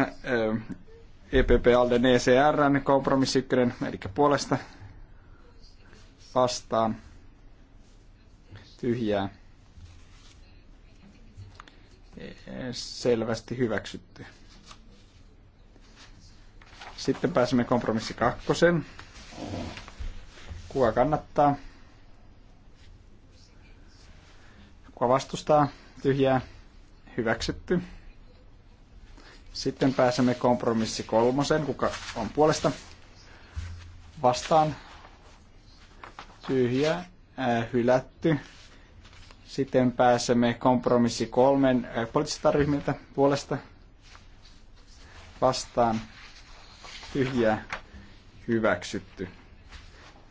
EPP eh, e Alden ECR, niin kompromissi ykkönen, eli puolesta vastaan tyhjää eh, selvästi hyväksytty. Sitten pääsemme kompromissi kakkosen. Kuka kannattaa? Kuka vastustaa? Tyhjää. Hyväksytty. Sitten pääsemme kompromissi kolmosen, Kuka on puolesta? Vastaan. Tyhjää. Ää, äh, hylätty. Sitten pääsemme kompromissi kolmen ää, äh, ryhmiltä puolesta. Vastaan. Tyhjää. Hyväksytty.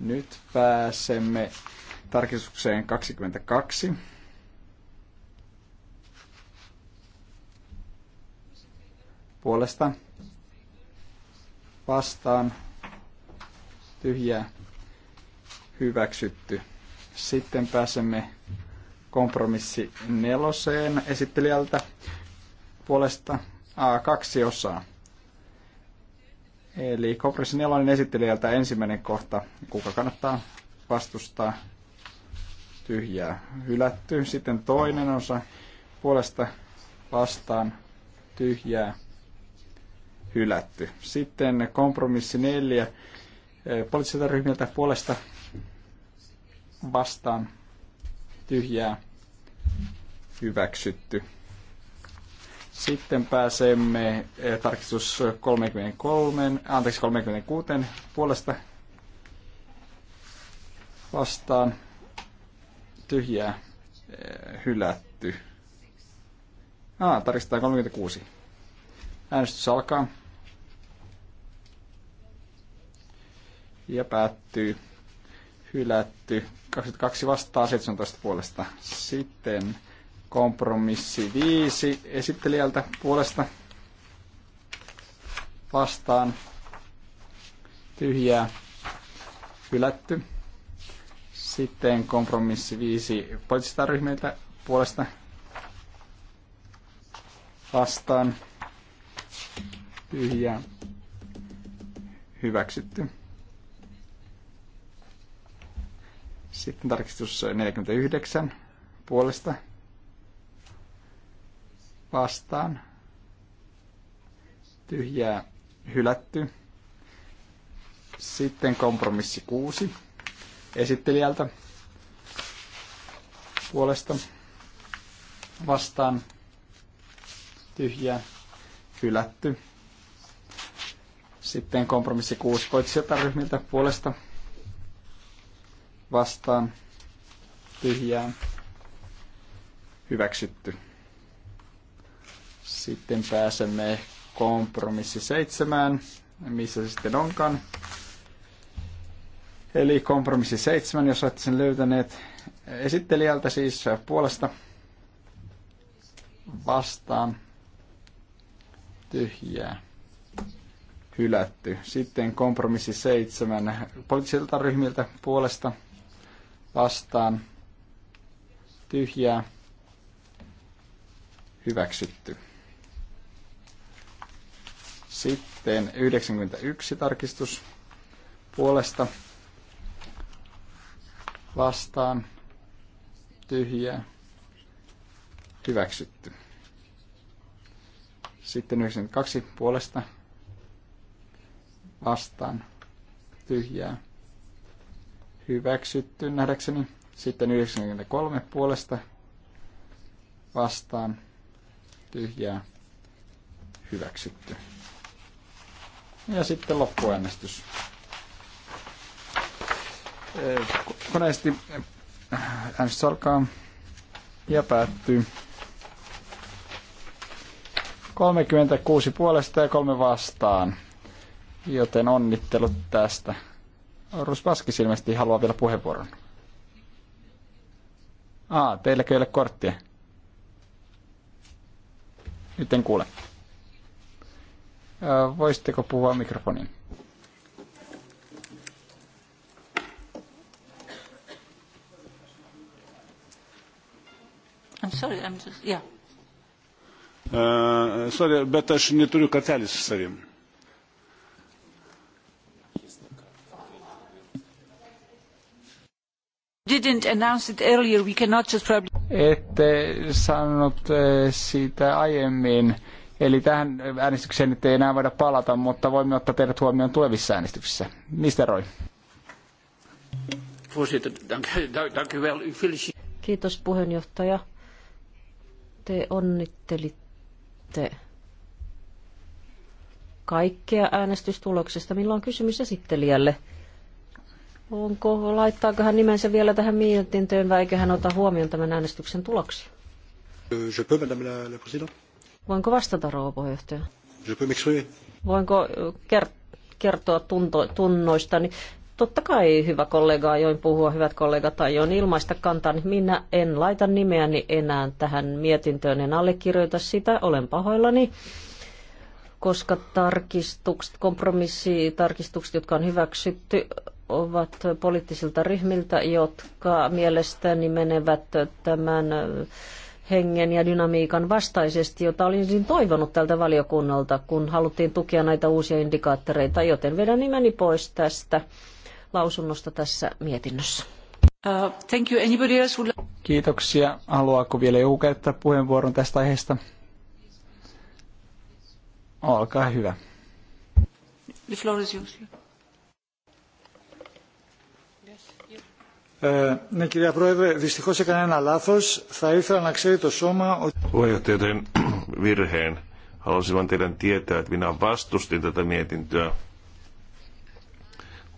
Nyt pääsemme tarkistukseen 22. Puolesta vastaan tyhjä hyväksytty. Sitten pääsemme kompromissi neloseen esittelijältä puolesta A2 osaa. Eli kompromissi nelonen esittelijältä ensimmäinen kohta, kuka kannattaa vastustaa tyhjää hylätty. Sitten toinen osa puolesta vastaan tyhjää hylätty. Sitten kompromissi neljä eh, poliittisilta ryhmiltä puolesta vastaan tyhjää hyväksytty. Sitten pääsemme eh, tarkistus 33, anteeksi 36 puolesta vastaan tyhjää eh, hylätty. Ah, tarkistetaan 36. Äänestys alkaa. Ja päättyy. Hylätty. 22 vastaa 17 puolesta. Sitten Kompromissi 5 esittelijältä puolesta vastaan tyhjää hylätty. Sitten kompromissi 5 poliittisilta ryhmiltä puolesta vastaan tyhjää hyväksytty. Sitten tarkistus 49 puolesta vastaan tyhjää hylätty. Sitten kompromissi 6 esittelijältä puolesta vastaan tyhjää hylätty. Sitten kompromissi 6 poliittisilta ryhmiltä puolesta vastaan tyhjää hyväksytty. Sitten pääsemme kompromissi seitsemään, missä se sitten onkaan. Eli kompromissi seitsemän, jos olette sen löytäneet esittelijältä siis puolesta vastaan tyhjää hylätty. Sitten kompromissi seitsemän poliittisilta ryhmiltä puolesta vastaan tyhjää hyväksytty. Sitten 91 tarkistus puolesta vastaan tyhjää hyväksytty. Sitten 92 puolesta vastaan tyhjää hyväksytty nähdäkseni. Sitten 93 puolesta vastaan tyhjää hyväksytty. Ja sitten loppuäänestys. Koneesti äänestys alkaa ja päättyy. 36 puolesta ja kolme vastaan. Joten onnittelut tästä. Rus Paskis ilmeisesti haluaa vielä puheenvuoron. Aa, teilläkö ei ole korttia? Nyt en kuule. Äh, voisitteko puhua mikrofonin? I'm sorry, I'm just, yeah. Uh, sorry, bet aš neturiu kartelės su savim. didn't announce it earlier, we cannot just probably... Ette sanonut äh, siitä aiemmin Eli tähän äänestykseen nyt ei enää voida palata, mutta voimme ottaa teidät huomioon tulevissa äänestyksissä. Mistä Roy? Kiitos puheenjohtaja. Te onnittelitte kaikkea äänestystuloksesta. Milloin on kysymys esittelijälle? Onko, laittaako hän nimensä vielä tähän mietintöön vai eikö hän ota huomioon tämän äänestyksen tuloksia? Euh, je peux, madame la, la présidente. Voinko vastata, rouva puheenjohtaja? Voinko kertoa tunto, tunnoistani? Niin totta kai hyvä kollega ajoin puhua, hyvät kollegat ajoin ilmaista niin Minä en laita nimeäni enää tähän mietintöön, en allekirjoita sitä, olen pahoillani koska tarkistukset, kompromissitarkistukset, jotka on hyväksytty, ovat poliittisilta ryhmiltä, jotka mielestäni menevät tämän hengen ja dynamiikan vastaisesti, jota olisin toivonut tältä valiokunnalta, kun haluttiin tukea näitä uusia indikaattoreita, joten vedän nimeni pois tästä lausunnosta tässä mietinnössä. Uh, thank you. Anybody else would... Kiitoksia. Haluaako vielä joku käyttää puheenvuoron tästä aiheesta? Olkaa hyvä. The floor is yours. Ε, ναι, κυρία Πρόεδρε, δυστυχώς ένα λάθος. Θα ήθελα να ξέρει το σώμα ότι... Puheenjohtaja, tein virheen. Haluaisin vain teidän tietää, että minä vastustin tätä mietintöä.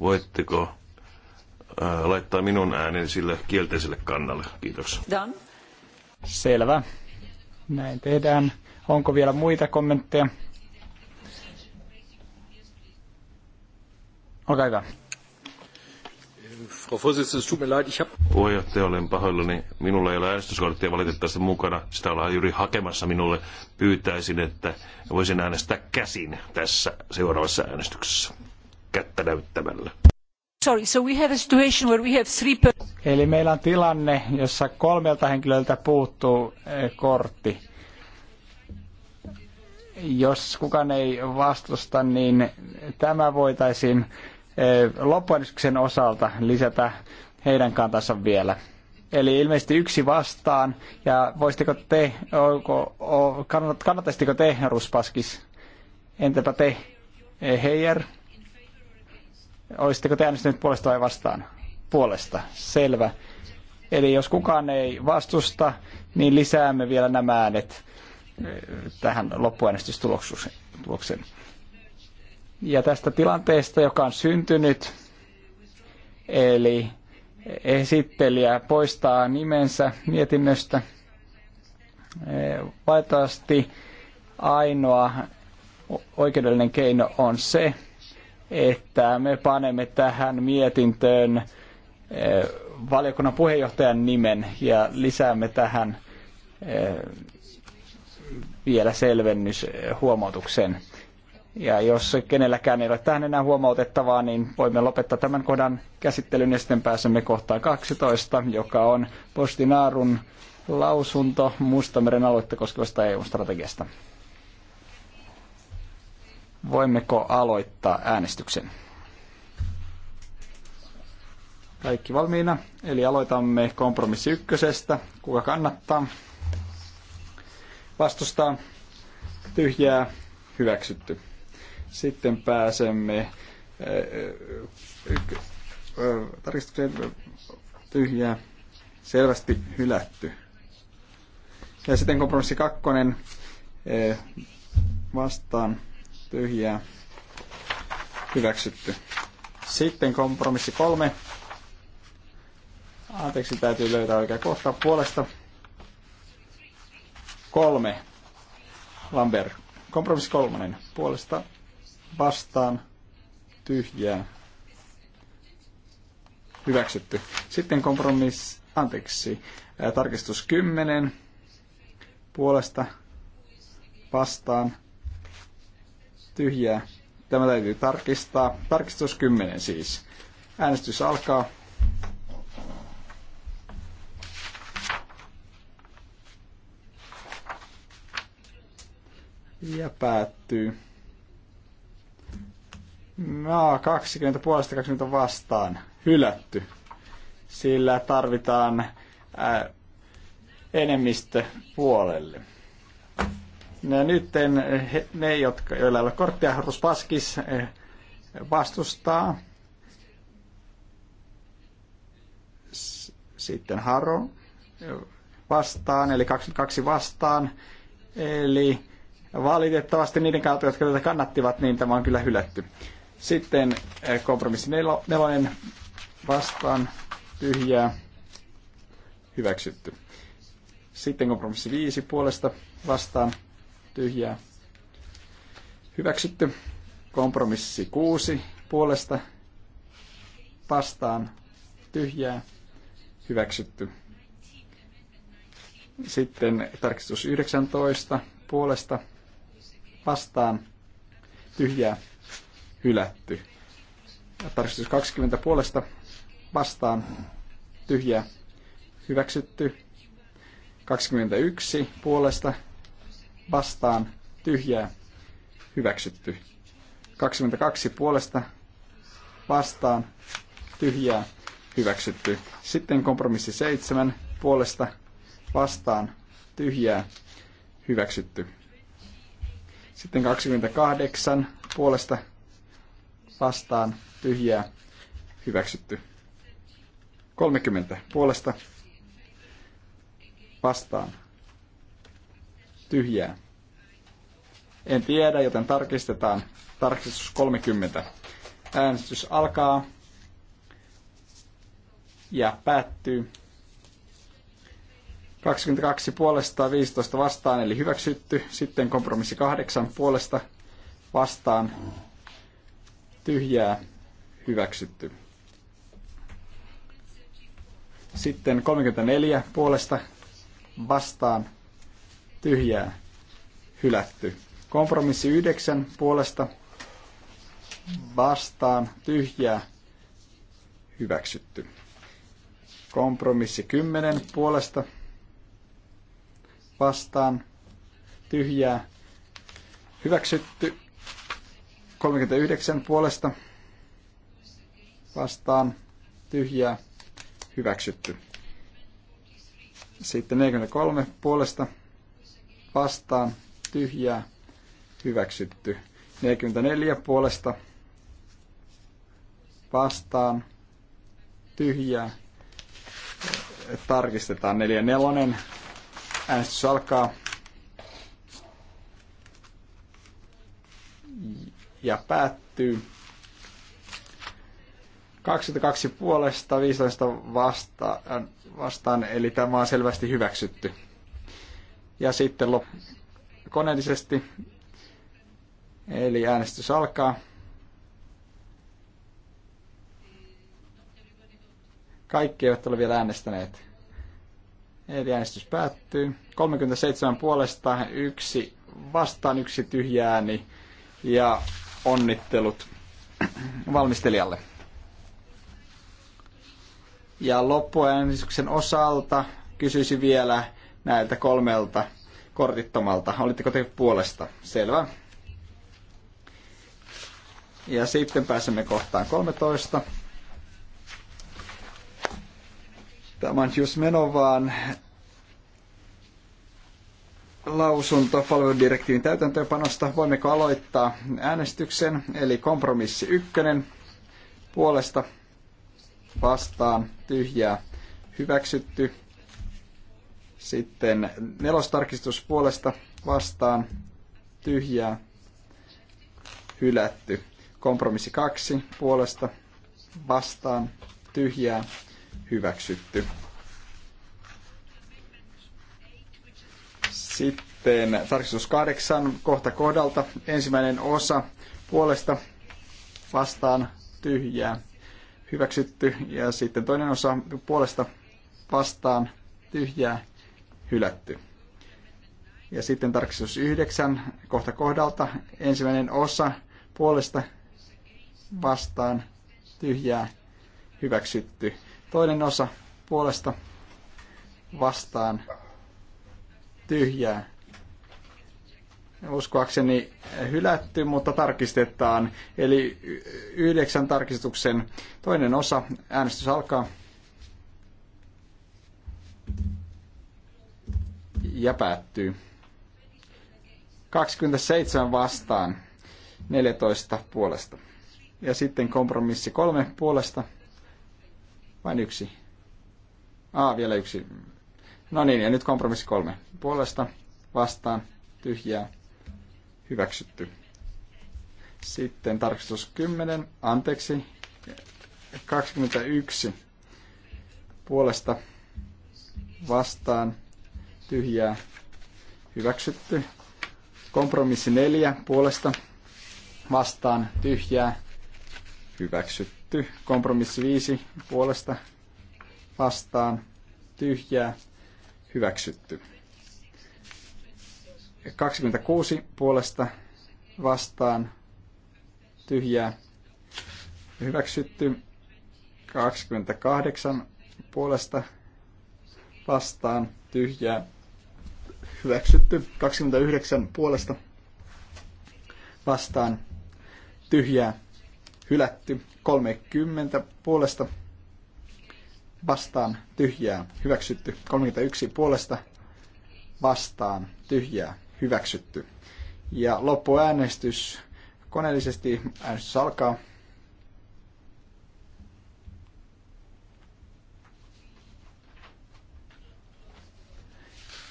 Voitteko äh, laittaa minun äänen sille kielteiselle kannalle? Kiitos. Done. Selvä. Näin tehdään. Onko vielä muita kommentteja? Olkaa hyvä. Frau Vorsitzende, es tut mir leid, ich Puheenjohtaja, olen pahoillani. Minulla ei ole äänestyskorttia valitettavasti mukana. Sitä ollaan juuri hakemassa minulle. Pyytäisin, että voisin äänestää käsin tässä seuraavassa äänestyksessä. Kättä näyttämällä. Sorry, so we have a situation where we have three per... Eli meillä on tilanne, jossa kolmelta henkilöltä puuttuu eh, kortti. Jos kukaan ei vastusta, niin tämä voitaisiin Eh, loppuäänestyksen osalta lisätä heidän kantansa vielä. Eli ilmeisesti yksi vastaan. Ja voisitteko te, olko, o, kannat, kannattaisitteko te, Ruspaskis? Entäpä te, eh, Heijer? Olisitteko te äänestänyt puolesta vai vastaan? Puolesta, selvä. Eli jos kukaan ei vastusta, niin lisäämme vielä nämä äänet eh, tähän loppuäänestystulokseen ja tästä tilanteesta, joka on syntynyt. Eli esittelijä poistaa nimensä mietinnöstä. E, valitettavasti ainoa oikeudellinen keino on se, että me panemme tähän mietintöön e, valiokunnan puheenjohtajan nimen ja lisäämme tähän e, vielä selvennyshuomautuksen. Ja jos kenelläkään ei ole tähän enää huomautettavaa, niin voimme lopettaa tämän kohdan käsittelyn ja sitten pääsemme kohtaan 12, joka on Postinaarun lausunto Mustameren aluetta koskevasta EU-strategiasta. Voimmeko aloittaa äänestyksen? Kaikki valmiina. Eli aloitamme kompromissi ykkösestä. Kuka kannattaa? Vastustaa. Tyhjää. Hyväksytty. Sitten pääsemme eh, eh, tarkistukseen tyhjää, selvästi hylätty. Ja sitten kompromissi kakkonen eh, vastaan tyhjää, hyväksytty. Sitten kompromissi kolme. Anteeksi, täytyy löytää oikea kohta puolesta. Kolme. Lambert. Kompromissi kolmonen puolesta vastaan tyhjää hyväksytty. Sitten kompromissi anteeksi, ää, tarkistus 10 puolesta vastaan tyhjää. Tämä täytyy tarkistaa. Tarkistus 10 siis. Äänestys alkaa. Ja päättyy. No, 20 puolesta 20 vastaan. Hylätty. Sillä tarvitaan ää, äh, enemmistö puolelle. Ja no, nyt he, ne, jotka, joilla ei ole korttia, Ruspaskis äh, vastustaa. Sitten Haro äh, vastaan, eli 22 vastaan. Eli valitettavasti niiden kautta, jotka tätä kannattivat, niin tämä on kyllä hylätty. Sitten eh, kompromissi nel- nelonen vastaan tyhjää hyväksytty. Sitten kompromissi viisi puolesta vastaan tyhjää hyväksytty. Kompromissi kuusi puolesta vastaan tyhjää hyväksytty. Sitten tarkistus 19 puolesta vastaan tyhjää hylätty. Tarkistus 20 puolesta vastaan tyhjää hyväksytty. 21 puolesta vastaan tyhjää hyväksytty. 22 puolesta vastaan tyhjää hyväksytty. Sitten kompromissi 7 puolesta vastaan tyhjää hyväksytty. Sitten 28 puolesta vastaan tyhjää hyväksytty. 30 puolesta vastaan tyhjää. En tiedä, joten tarkistetaan. Tarkistus 30. Äänestys alkaa ja päättyy. 22 puolesta 15 vastaan, eli hyväksytty. Sitten kompromissi 8 puolesta vastaan tyhjää hyväksytty. Sitten 34 puolesta vastaan tyhjää hylätty. Kompromissi 9 puolesta vastaan tyhjää hyväksytty. Kompromissi 10 puolesta vastaan tyhjää hyväksytty. 39 puolesta vastaan tyhjää hyväksytty. Sitten 43 puolesta vastaan tyhjää hyväksytty. 44 puolesta vastaan tyhjää. Tarkistetaan 44. Äänestys alkaa. ja päättyy. 22 puolesta, 15 vastaan, vastaan, eli tämä on selvästi hyväksytty. Ja sitten lop- koneellisesti, eli äänestys alkaa. Kaikki eivät ole vielä äänestäneet. Eli äänestys päättyy. 37 puolesta, yksi vastaan, yksi tyhjääni. Ja onnittelut valmistelijalle. Ja loppuäänestyksen osalta kysyisin vielä näiltä kolmelta kortittomalta. Olitteko te puolesta? Selvä. Ja sitten pääsemme kohtaan 13. Tämä on vaan lausunto palveludirektiivin täytäntöönpanosta. Voimmeko aloittaa äänestyksen, eli kompromissi ykkönen puolesta vastaan tyhjää hyväksytty. Sitten nelostarkistus puolesta vastaan tyhjää hylätty. Kompromissi kaksi puolesta vastaan tyhjää hyväksytty. Sitten tarkistus kahdeksan kohta kohdalta. Ensimmäinen osa puolesta vastaan tyhjää hyväksytty. Ja sitten toinen osa puolesta vastaan tyhjää hylätty. Ja sitten tarkistus yhdeksän kohta kohdalta. Ensimmäinen osa puolesta vastaan tyhjää hyväksytty. Toinen osa puolesta vastaan tyhjää. Uskoakseni hylätty, mutta tarkistetaan. Eli yhdeksän tarkistuksen toinen osa. Äänestys alkaa. Ja päättyy. 27 vastaan, 14 puolesta. Ja sitten kompromissi kolme puolesta. Vain yksi. Aa, vielä yksi. No niin, ja nyt kompromissi kolme puolesta vastaan tyhjää hyväksytty. Sitten tarkistus 10, anteeksi, 21 puolesta vastaan tyhjää hyväksytty. Kompromissi 4 puolesta vastaan tyhjää hyväksytty. Kompromissi 5 puolesta vastaan tyhjää hyväksytty. 26 puolesta vastaan tyhjää hyväksytty. 28 puolesta vastaan tyhjää hyväksytty. 29 puolesta vastaan tyhjää hylätty. 30 puolesta vastaan tyhjää hyväksytty. 31 puolesta vastaan tyhjää hyväksytty. Ja loppuäänestys koneellisesti äänestys alkaa.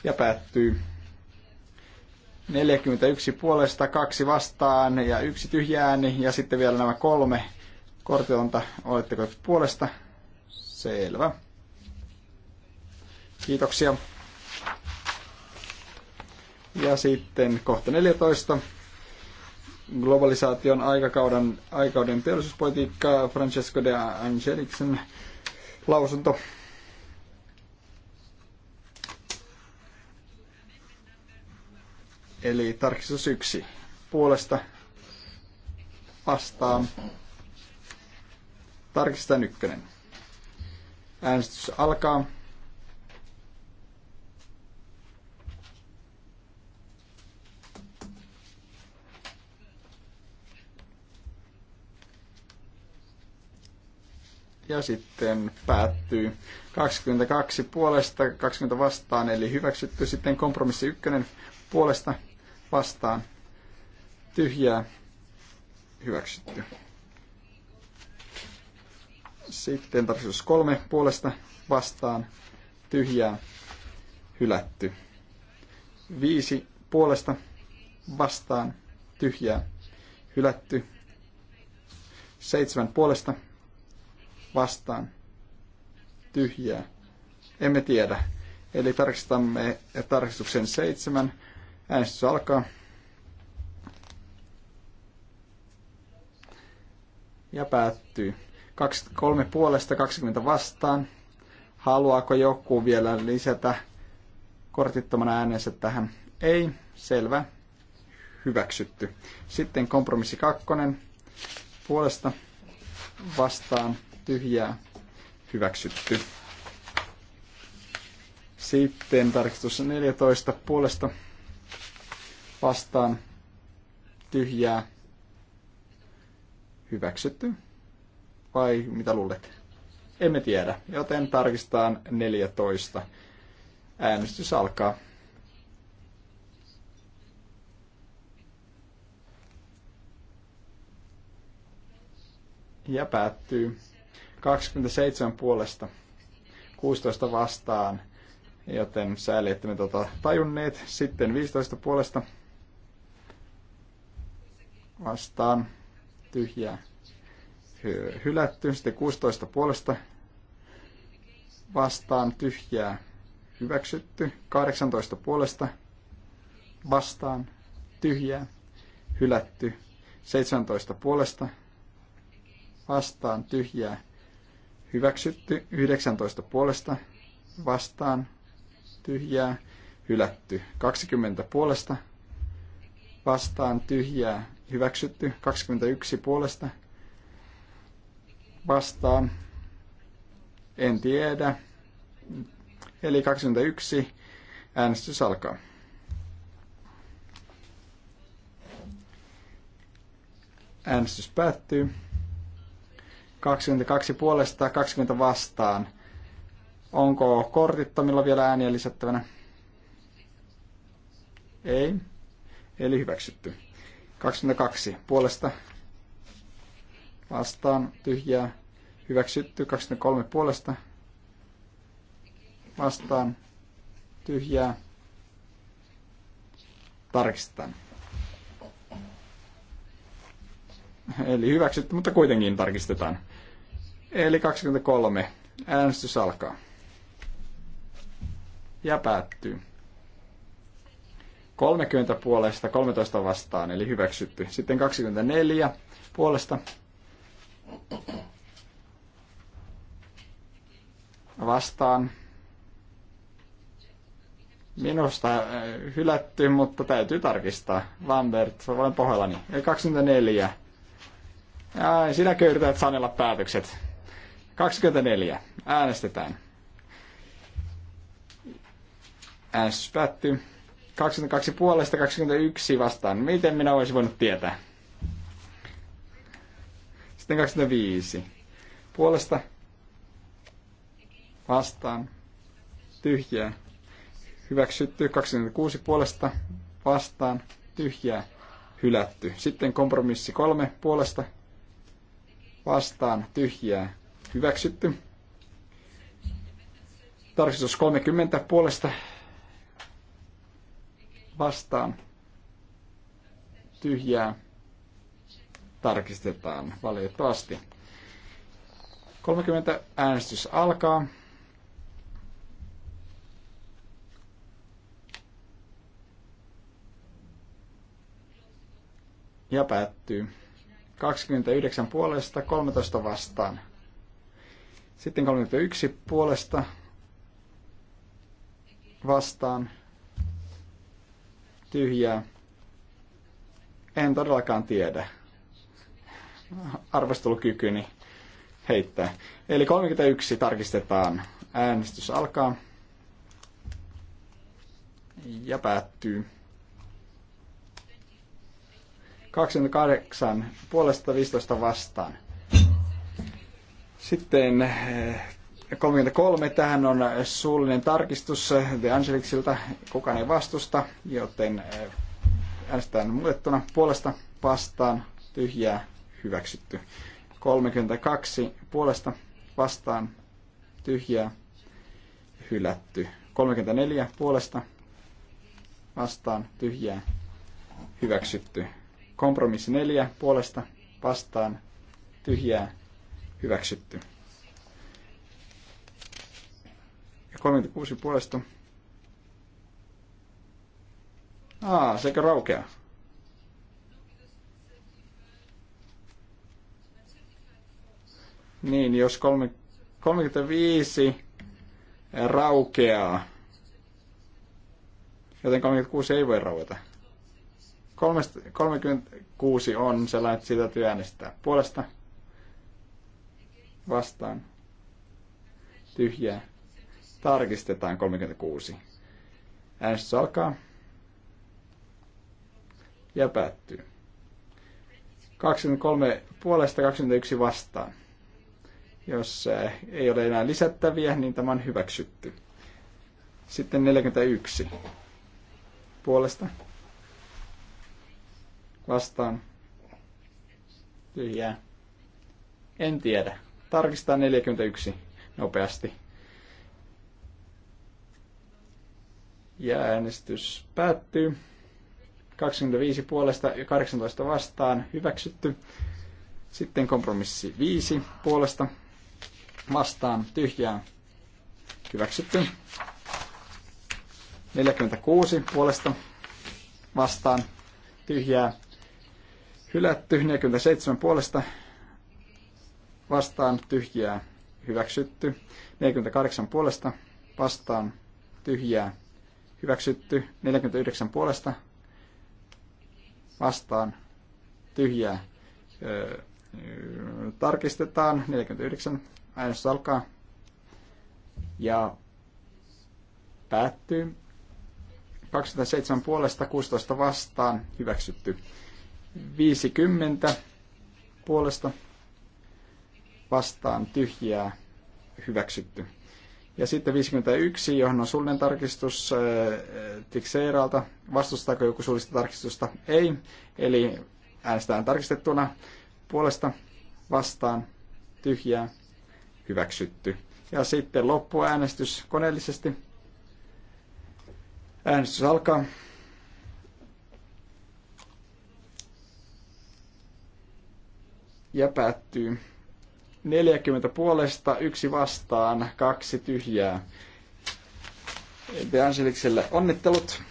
Ja päättyy. 41 puolesta, kaksi vastaan ja yksi tyhjä ääni ja sitten vielä nämä kolme kortilonta. Oletteko puolesta? Selvä. Kiitoksia. Ja sitten kohta 14. Globalisaation aikakauden, aikauden teollisuuspolitiikkaa Francesco de Angeliksen lausunto. Eli tarkistus yksi puolesta vastaan. Tarkistan ykkönen. Äänestys alkaa. ja sitten päättyy 22 puolesta, 20 vastaan, eli hyväksytty sitten kompromissi ykkönen puolesta vastaan, tyhjää, hyväksytty. Sitten tarkistus kolme puolesta vastaan, tyhjää, hylätty. viisi puolesta vastaan, tyhjää, hylätty. seitsemän puolesta vastaan tyhjää. Emme tiedä. Eli tarkistamme tarkistuksen seitsemän. Äänestys alkaa. Ja päättyy. 23 puolesta 20 vastaan. Haluaako joku vielä lisätä kortittoman äänensä tähän? Ei. Selvä. Hyväksytty. Sitten kompromissi kakkonen puolesta vastaan tyhjää hyväksytty. Sitten tarkistus 14 puolesta vastaan tyhjää hyväksytty. Vai mitä luulet? Emme tiedä, joten tarkistetaan 14. Äänestys alkaa. Ja päättyy. 27 puolesta 16 vastaan, joten sääli, että me tota tajunneet. Sitten 15 puolesta vastaan tyhjää hylätty. Sitten 16 puolesta vastaan tyhjää hyväksytty. 18 puolesta vastaan tyhjää hylätty. 17 puolesta vastaan tyhjää hyväksytty, 19 puolesta vastaan, tyhjää, hylätty, 20 puolesta vastaan, tyhjää, hyväksytty, 21 puolesta vastaan, en tiedä, eli 21, äänestys alkaa. Äänestys päättyy. 22 puolesta, 20 vastaan. Onko kortittomilla vielä ääniä lisättävänä? Ei. Eli hyväksytty. 22 puolesta vastaan tyhjää hyväksytty. 23 puolesta vastaan tyhjää tarkistetaan. Eli hyväksytty, mutta kuitenkin tarkistetaan. Eli 23. Äänestys alkaa. Ja päättyy. 30 puolesta, 13 vastaan, eli hyväksytty. Sitten 24 puolesta. Vastaan. Minusta äh, hylätty, mutta täytyy tarkistaa. Lambert, olen pohjallani. Eli 24. Ja sinä yrität sanella päätökset. 24. Äänestetään. Äänestys päättyy. 22 puolesta 21 vastaan. Miten minä olisin voinut tietää? Sitten 25. Puolesta vastaan. Tyhjää. Hyväksytty. 26 puolesta vastaan. Tyhjää. Hylätty. Sitten kompromissi 3 puolesta vastaan. Tyhjää hyväksytty. Tarkistus 30 puolesta vastaan tyhjää tarkistetaan valitettavasti. 30 äänestys alkaa. Ja päättyy. 29 puolesta, 13 vastaan. Sitten 31 puolesta vastaan tyhjää. En todellakaan tiedä. Arvostelukykyni heittää. Eli 31 tarkistetaan. Äänestys alkaa ja päättyy. 28 puolesta 15 vastaan. Sitten eh, kolme Tähän on suullinen tarkistus The Angelicsilta. Kukaan ei vastusta, joten eh, äänestetään muutettuna puolesta vastaan tyhjää hyväksytty. 32 puolesta vastaan tyhjää hylätty. 34 puolesta vastaan tyhjää hyväksytty. Kompromissi 4 puolesta vastaan tyhjää hyväksytty. Ja 36 puolesta. Aa, sekä raukea. Niin, jos kolme, 35 raukeaa, joten 36 ei voi raueta. 36 on sellainen, että siitä täytyy äänestää puolesta vastaan tyhjää. Tarkistetaan 36. Äänestys alkaa ja päättyy. 23 puolesta 21 vastaan. Jos eh, ei ole enää lisättäviä, niin tämä on hyväksytty. Sitten 41 puolesta vastaan. Tyhjää. En tiedä tarkistaa 41 nopeasti. Ja äänestys päättyy. 25 puolesta ja 18 vastaan hyväksytty. Sitten kompromissi 5 puolesta vastaan tyhjään hyväksytty. 46 puolesta vastaan tyhjää hylätty. 47 puolesta vastaan tyhjää hyväksytty. 48 puolesta vastaan tyhjää hyväksytty. 49 puolesta vastaan tyhjää tarkistetaan. 49 äänestys alkaa ja päättyy. 27 puolesta 16 vastaan hyväksytty. 50 puolesta vastaan tyhjää hyväksytty. Ja sitten 51, johon on suullinen tarkistus äh, Tixeiralta. Vastustaako joku suullista tarkistusta? Ei. Eli äänestetään tarkistettuna puolesta vastaan tyhjää hyväksytty. Ja sitten loppuäänestys koneellisesti. Äänestys alkaa. Ja päättyy. 40 puolesta, yksi vastaan, kaksi tyhjää. De Angelikselle onnittelut.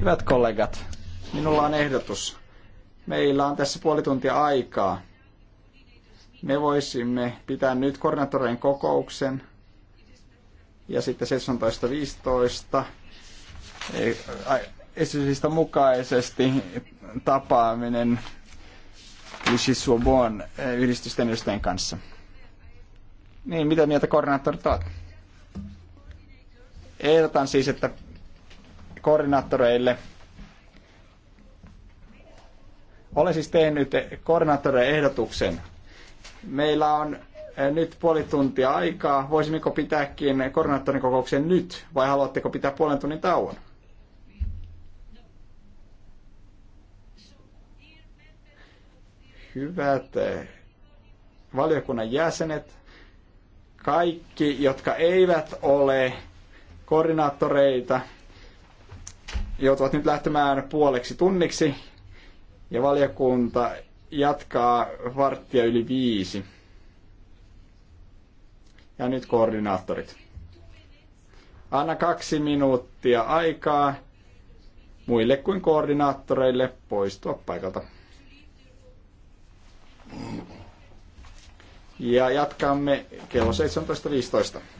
Hyvät kollegat, minulla on ehdotus. Meillä on tässä puoli tuntia aikaa me voisimme pitää nyt koordinaattoreiden kokouksen ja sitten 17.15 eh, esitysistä mukaisesti tapaaminen Ysisuobon eh, yhdistysten ystävien kanssa. Niin, mitä mieltä koordinaattorit ovat? Ehdotan siis, että koordinaattoreille olen siis tehnyt koordinaattoreille ehdotuksen Meillä on eh, nyt puoli tuntia aikaa. Voisimmeko pitääkin koordinaattorin kokouksen nyt vai haluatteko pitää puolen tunnin tauon? Hyvät eh, valiokunnan jäsenet, kaikki, jotka eivät ole koordinaattoreita, joutuvat nyt lähtemään puoleksi tunniksi ja valiokunta jatkaa varttia yli viisi. Ja nyt koordinaattorit. Anna kaksi minuuttia aikaa muille kuin koordinaattoreille poistua paikalta. Ja jatkamme kello 17.15.